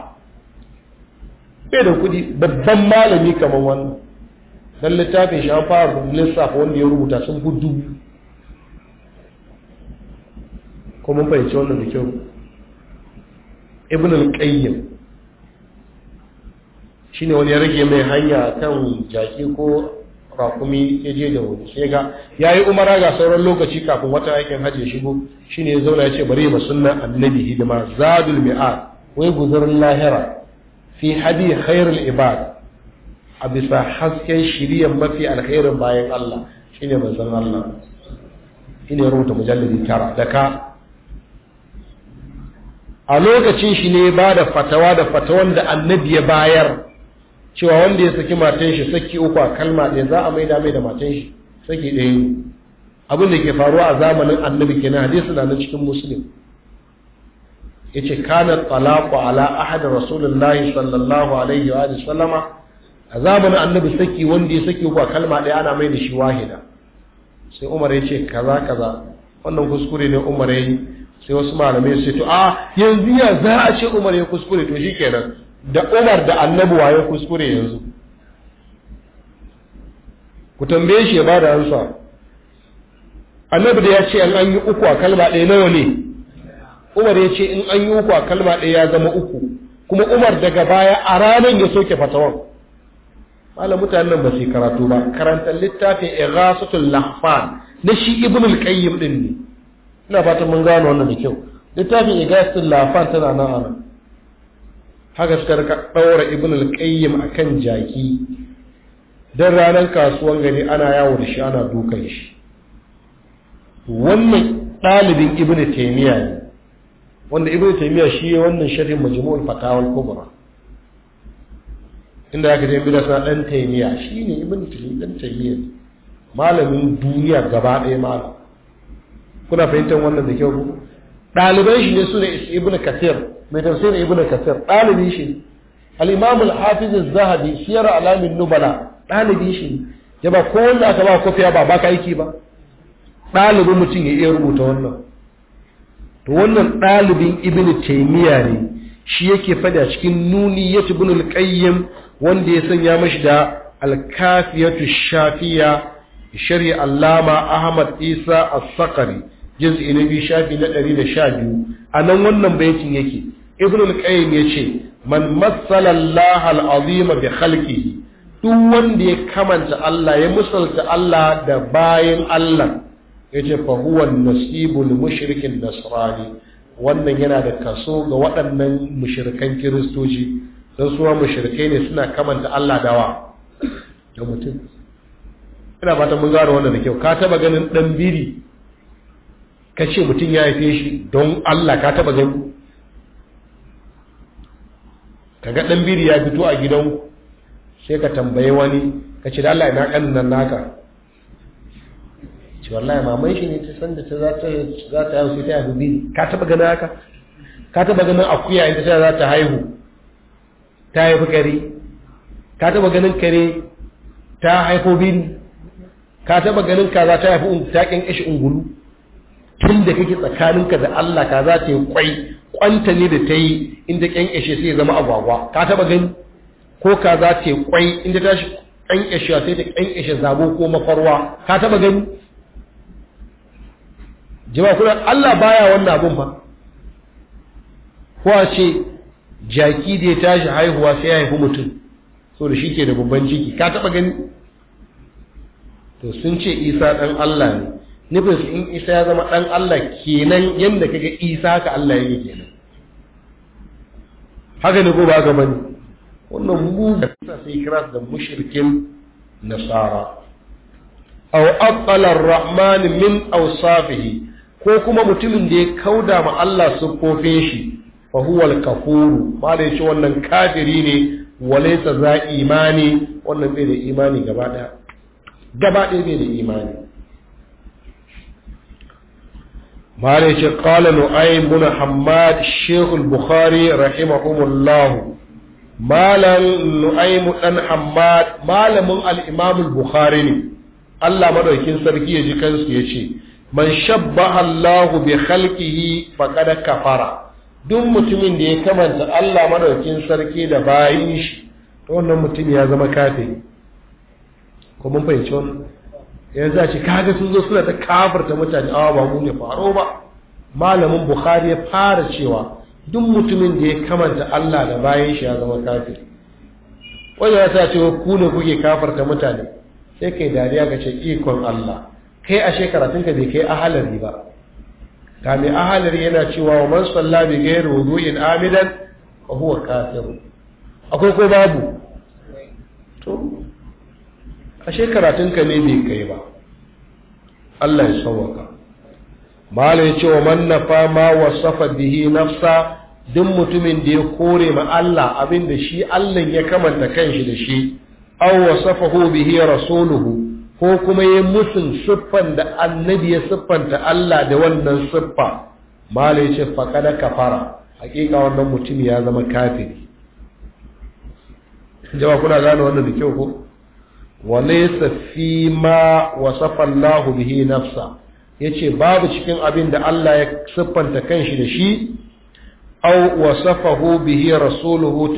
bai da kuɗi babban malami kamar wannan dan littafin shi an fara lissafa wanda ya rubuta sun gudu. dubu ko mun fahimci wannan da kyau ibn al-qayyim shine wani ya rage mai hanya kan jaki ko rakumi ya je da wani sai ga yayi umara ga sauran lokaci kafin wata aikin haji shigo shine ya zauna ya ce bari ba sunna annabi hidima zadul mi'a wai guzurin lahira fi hadi khairul ibad a bisa hasken shiriyar mafi alkhairin bayan Allah shine manzon Allah shine rubuta mujalladi tara da a lokacin shi ne ba da fatawa da fatawan da annabi ya bayar cewa wanda ya saki matan shi saki uku a kalma ɗaya za a maida mai da matan shi saki ɗaya ne abin da ke faruwa a zamanin annabi kenan hadisi na nan cikin muslim yace kana talaqu ala ahad rasulullahi sallallahu alaihi wa alihi sallama a zamanin annabi saki wanda ya saki uku a kalma ɗaya ana mai da shi wahida sai umar yace kaza kaza wannan kuskure ne umar ya yi sai wasu malamai su to a yanzu ya za a ce umar ya kuskure to shi kenan da umar da annabi waye kuskure yanzu ku tambaye shi ya ba da ansa annabi da ya ce in an yi uku a kalma ɗaya nawa ne umar ya ce in an yi uku a kalma ɗaya ya zama uku kuma umar daga baya a ranar ya soke fatawan malam mutanen nan ba su karatu ba karantar littafin ighasatul lahfan na shi ibn al-qayyim din ne ina fatan mun gano wannan da kyau littafin igasul lafan tana nan a nan haka suka rika daura ibn al-qayyim akan jaki dan ranar kasuwan gari ana yawo da shi ana dukan shi wannan ɗalibin ibn taymiya ne wanda ibn taymiya shi ya wannan sharhin majmu'ul fatawal kubra inda aka je bida sa dan taimiya shine ibn taymiya dan taymiya malamin duniya gaba ɗaya malam kuna fahimtar wannan da kyau ku ɗaliban shi ne su ne ibn kathir mai tafsir ibn kathir ɗalibin shi al-imam al-hafiz az-zahabi siyar alamin nubala ɗalibin shi ya ba ko wanda aka ba kofiya ba baka aiki ba ɗalibin mutum ya iya rubuta wannan to wannan ɗalibin ibn taymiya ne shi yake fada cikin nuni ya tubun qayyim wanda ya sanya mashi da alkafiyatu shafiya shari allama ahmad isa as-sakari juz'i na biyu shafi na ɗari da sha biyu a nan wannan baikin yake ibn al ya ce, man massala allah al-azima bi khalqihi duk wanda ya kamanta Allah ya musalta Allah da bayin Allah yace fa huwa nasibul mushrikin nasrani wannan yana da kaso ga waɗannan mushrikan kiristoci don suwa mushrikai ne suna kamanta Allah dawa da mutum ina fatan mun gano wannan da kyau ka taba ganin dan biri ka ce mutum ya haife shi don Allah ka taba Ka ga dan biri ya fito a gidan sai ka tambaye wani ka ce da Allah ina kan nan naka ce wallahi mamai shi ne ta san da ta za ta za ta haihu sai ta haihu biri ka taba ganin haka ka taba ganin akuya in ta za ta haihu ta haifi kare ka taba ganin kare ta haifo biri ka taba ganin kaza ta yafi ta kin ungulu tun da kake tsakaninka da Allah kaza ta yi kwai kwanta ne da ta yi inda kyan ishe sai ya zama agwagwa ka taba gani ko kaza ta yi kwai inda ta shi kyan sai ta kyan ishe zabo ko mafarwa ka taba gani jama'a kuna Allah baya wannan abun ba ko a ce jaki da ya tashi haihuwa sai ya haifi mutum so da shi ke da babban ciki ka taba gani to sun ce isa ɗan Allah ne nufin su in isa ya zama ɗan Allah kenan yadda kaga isa ka Allah yake kenan haka ne ko ba ga bani wannan mugun sa sai kira da mushrikin nasara aw aqala ar-rahman min awsafihi ko kuma mutumin da ya kauda ma Allah siffofin shi fa huwa al ba da yace wannan kafiri ne walaysa za imani wannan bai da imani gaba daya gaba ɗaya ne da imani mare ce ƙala nu'aym muna hamad shaykh bukhari rahimahumullah malam nu'aym dan hamad malamin al-imam al-bukhari ne Allah madaukin sarki ya ji kansu ya ce man shabbaha Allah bi khalqihi faqad kafara duk mutumin da ya kamanta Allah madaukin sarki da bayin shi to wannan mutum ya zama kafiri ko mun fahimci wani yanzu a ce kaga sun zo suna ta kafarta mutane awa ba mu ne faro ba malamin bukhari ya fara cewa duk mutumin da ya kamanta Allah da bayan shi ya zama kafir wanda ya sa cewa ku ne kuke kafarta mutane sai kai dariya ka ce ikon Allah kai ashe ka bai kai ahalari ba ga mai ahalari yana cewa wa man salla bi ghairi wudu'in amidan fa huwa kafir akwai ko babu ashe karatunka ne bai kai ba Allah ya sauwaka malai ce wa man nafa ma wasafa bihi nafsa duk mutumin da ya kore ma Allah abinda shi Allah ya kamanta kanshi da shi aw wasafahu bihi rasuluhu ko kuma ya musun siffan da annabi ya siffanta Allah da wannan siffa malai ce faqada kafara hakika wannan mutum ya zama kafiri jama'a kuna gane wannan da kyau ko وليس فيما وصف ma به نفسه bihi باب yace babu cikin abin da Allah ya siffanta kanshi da shi aw wasafahu bihi rasuluhu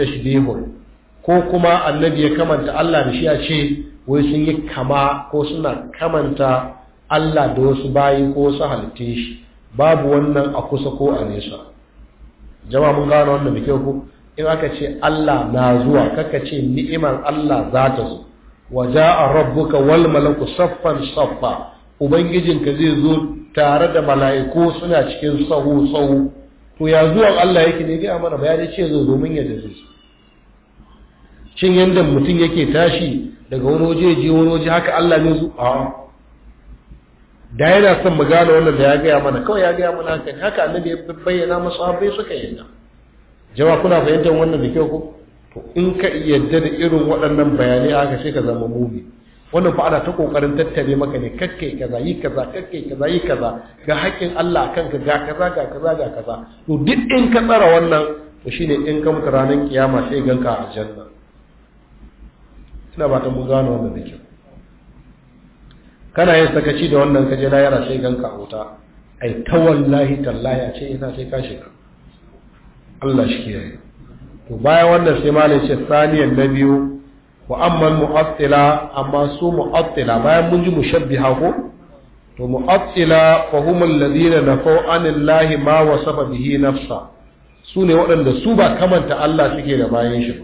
ko kuma annabi ya kamanta Allah da shi a ce wai sun yi kama ko suna kamanta Allah da wasu bayi ko wasu halittun shi babu wannan a kusa ko a nesa jama'a mun gano wannan da kyau ko in aka ce Allah na zuwa kaka ce ni'imar Allah za ta zo wa ja'a rabbuka wal malaku saffan saffa ubangijinka zai zo tare da mala'iku suna cikin sahu sahu to ya zuwan Allah yake ne ga mana bayani ce zo domin ya dace shin yanda mutum yake tashi daga wani waje je wani waje haka Allah ne zo a da yana son mu gane wannan da ya gaya mana kawai ya gaya mana haka haka annabi ya bayyana masu abai suka yi jama'a kuna fahimtar wannan da kyau ko in ka yadda da irin waɗannan bayanai aka sai ka zama mumi wannan fa ana ta kokarin tattare maka ne kakkai kaza yi kaza kakkai kaza yi kaza ga haƙƙin Allah kanka ga kaza ga kaza ga kaza to duk in ka tsara wannan to shine in ka mutu ranar kiyama sai ganka a janna ina ba ta buga gano wannan da kyau kana yin sakaci da wannan kaje na yara sai ganka a wuta ai tawallahi tallahi a ce ina sai ka shiga Allah shi ke yi. to bayan wannan sai malai ce saniyan na biyu wa amman mu'attila amma su mu'attila bayan mun ji mushabbiha ko to mu'attila fa hum alladhina nafaw anillahi ma wasafa bihi nafsa su ne waɗanda su ba kamanta Allah suke da bayan shi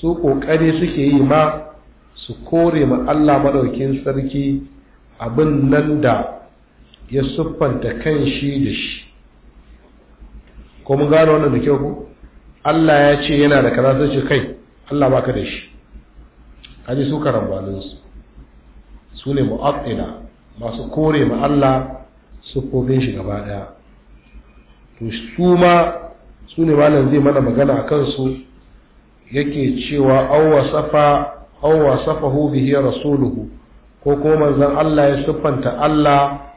su kokari suke yi ma su kore ma Allah madaukin sarki abin nan da ya siffanta kan shi da shi ko mun gano wannan da kyau ko Allah ya ce yana da kaza sai ce kai Allah baka da shi kaji su karambalin su su ne mu'attila masu kore ma Allah siffofin shi gaba daya to su ma su ne malam zai mana magana a kansu yake cewa awwa safa awwa safahu bihi rasuluhu ko ko manzon Allah ya siffanta Allah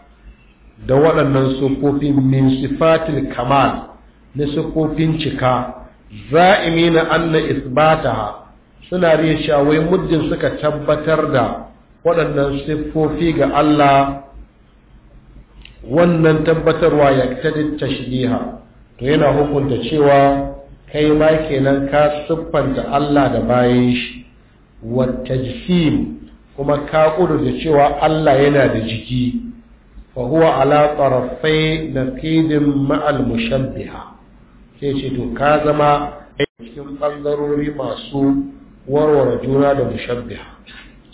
da waɗannan siffofi min sifatil kamal ne siffofin cika za'imina anna isbataha suna riya shawai muddin suka tabbatar da waɗannan siffofi ga Allah wannan tabbatarwa ya tadi tashbiha to yana hukunta cewa kai ma kenan ka siffanta Allah da bayan shi wa tajsim kuma ka da cewa Allah yana da jiki fa huwa ala tarafai naqidin ma'al mushabbiha sai ce to ka zama cikin ɓangarori masu warware juna da mushabbiha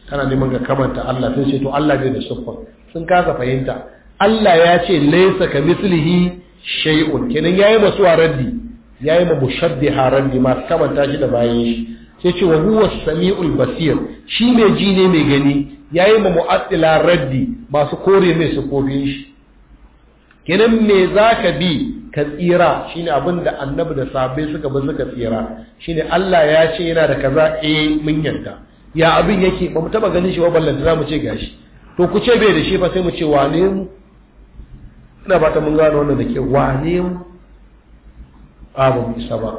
kana neman ga kamanta Allah sai ce to Allah ne da siffa sun kasa fahimta Allah ya ce laysa ka mislihi shay'un kenan yayi masu raddi yayi ma mushabbiha raddi ma kamanta shi da bayan shi sai ce wa huwa samiul basir shi mai ji ne mai gani yayi ma mu'attila raddi masu kore mai su kofin shi kenan me zaka bi ka tsira shi abin da annabi da sabe suka bi suka tsira shi ne Allah ya ce yana da kaza a eh, mun yarda ya abin yake ba mu taba ganin shi ba ballanta za mu ce gashi to ku ce bai da shi fa sai mu ce wane mu ina ba ta mun gano wannan da ke wane mu a ba mu isa ba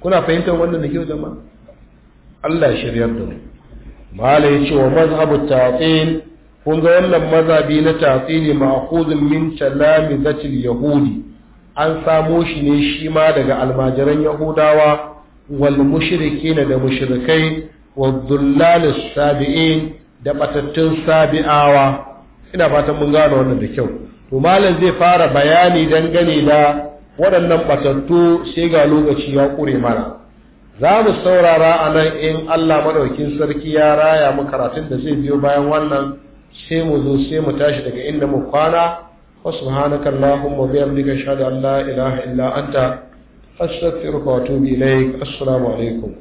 kuna fahimtar wannan da ke jama'a Allah ya shiryar da mu mala ya ce wa mazhabu ta'til kun ga wannan mazabi na tasiri ma'khudun min talamizatil yahudi an samo shi ne shi ma daga almajiran yahudawa wal mushrikin da mushrikai dhullal sabi'in da batattun sabi'awa ina fatan mun gane wannan da kyau to malam zai fara bayani dangane da waɗannan batattu sai ga lokaci ya ƙure mana za mu saurara a nan in Allah madaukin sarki ya raya mu karatun da zai biyo bayan wannan sai mu zo sai mu tashi daga inda mu kwana wa subhanaka allahumma bihamdika ashhadu an la ilaha illa anta astaghfiruka wa atubu ilaik assalamu alaikum